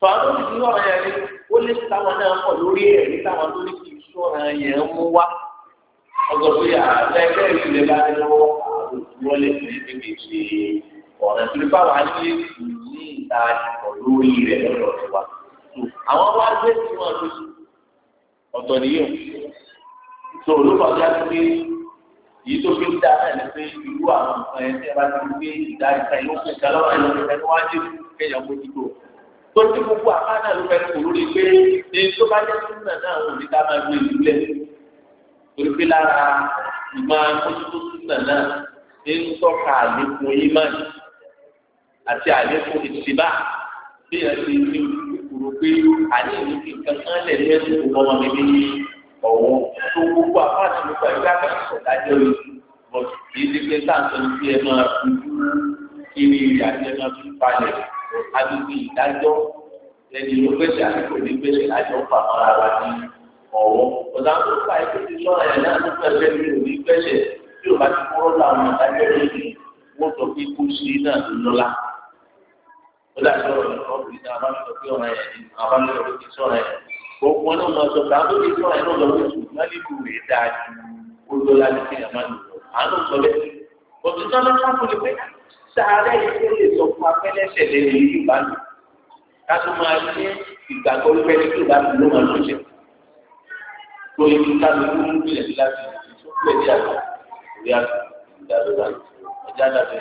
[SPEAKER 1] sọ̀rọ̀ tó ti sọ̀rọ̀ yẹn ni ó lè táwọn náà pọ̀ lórí ẹ̀rí táwọn tó ní kí n sọ̀rọ̀ yẹn mú wa ọgọ́dọ̀ yà lẹ́gbẹ́ ìlẹ̀ bá ní lọ́wọ́ àwọn olùdó ọ̀rẹ́ tó lè bá wà ní ìlú ní ìta àjùkọ̀ lórí rẹ̀ lọ́dọ̀ tiwa. àwọn wá gbé tí wọ́n lóṣù ọ̀tọ̀ nìyí tó olùkọ́jà ti pé èyí tó fi ń da ẹ̀ ní pé irú àwọn nǹkan ẹ̀ tí a bá ti ń gbé ìdá ìta ìlú fún ìdálọ́wọ́ ẹ̀ lọ́wọ́ ẹ̀ wájú kéèyàn mójútó tó ti gbogbo àkànnà ló fẹ́ kò lórí pé ní tó bá jẹ́ fún náà náà òní ká máa gbé ìlú lẹ̀ torí pé lára ìmọ̀ mójútó fún náà ní ń tọ́ka àlékún kúrò pé àlejò nǹkan kan lè ní ẹsùn tó bọ́ ọmọ mi ní ọ̀wọ́ tó gbogbo àpáàtì nípa ìgbà kan sọ̀dájọ́ yìí bọ̀ kì í ṣe pé sáǹsọ ní bí ẹ máa dúdú kiri àti ẹ máa tún palẹ̀ àdúgbò ìdájọ́ ẹni ló gbèsè àti kò ní gbèsè láti ọ̀pá àwọn ará ní ọ̀wọ́ ọ̀dà tó fà é pé sọ́ra ẹ̀ náà ló fẹ́ fẹ́ mi ò ní gbèsè bí ò bá ti kúrò láwọn ìdájọ́ lónìí wọ́n sọ pé kó ṣe náà lọ́la ó dàbí ọ̀rọ̀ ọ̀bùnrin náà bá ń sọ pé ọ̀rọ̀ ẹ̀ ní àwọn ọ̀rọ̀ ló ti sọ̀rọ̀ ẹ̀ gbogbo náà lọ sọ pé àwọn tó ti sọ̀rọ̀ ẹ̀ náà lọ sí ìṣù náà níbi ìwé dáa ju ó lọ láti fi àmà lò àánú sọ bẹ́ẹ̀ òtún náà lọ sáfù ni pé sàárẹ̀ ìṣe lè sọ fún afẹ́lẹ́sẹ̀ lè rí ìbálò ká tó máa ní ìgbàgbọ́ pé ní kí ìbálò ló máa lóṣẹ̀ lórí kíkà ló ń gbìyànjú láti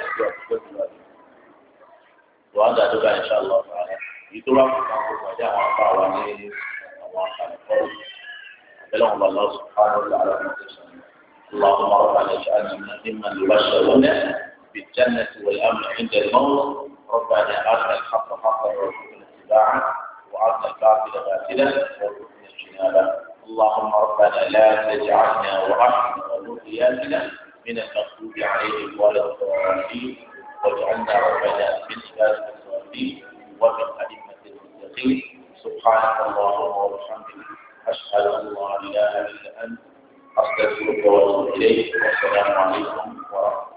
[SPEAKER 1] ìṣ وهذا wá إن شاء الله تعالى fún ara yìí tó wá fún àwọn ọmọdé àwọn afọ àwọn ní àwọn àkàlùkọ́rù abẹ́lẹ́ اللهم ربنا اجعلنا ممن يبشرون بالجنة والأمن عند الموت ربنا أرنا الحق حقا وارزقنا اتباعه وأرنا الباطل باطلا وارزقنا اجتنابه اللهم ربنا لا تجعلنا وأهلنا وذرياتنا من المغضوب عليهم ولا الضالين واجعلنا ربنا من عبادك ومن أئمة المتقين سبحانك اللهم وبحمدك أشهد أن لا إله إلا أنت أستغفرك
[SPEAKER 2] وأتوب إليك والسلام عليكم
[SPEAKER 1] ورحمة الله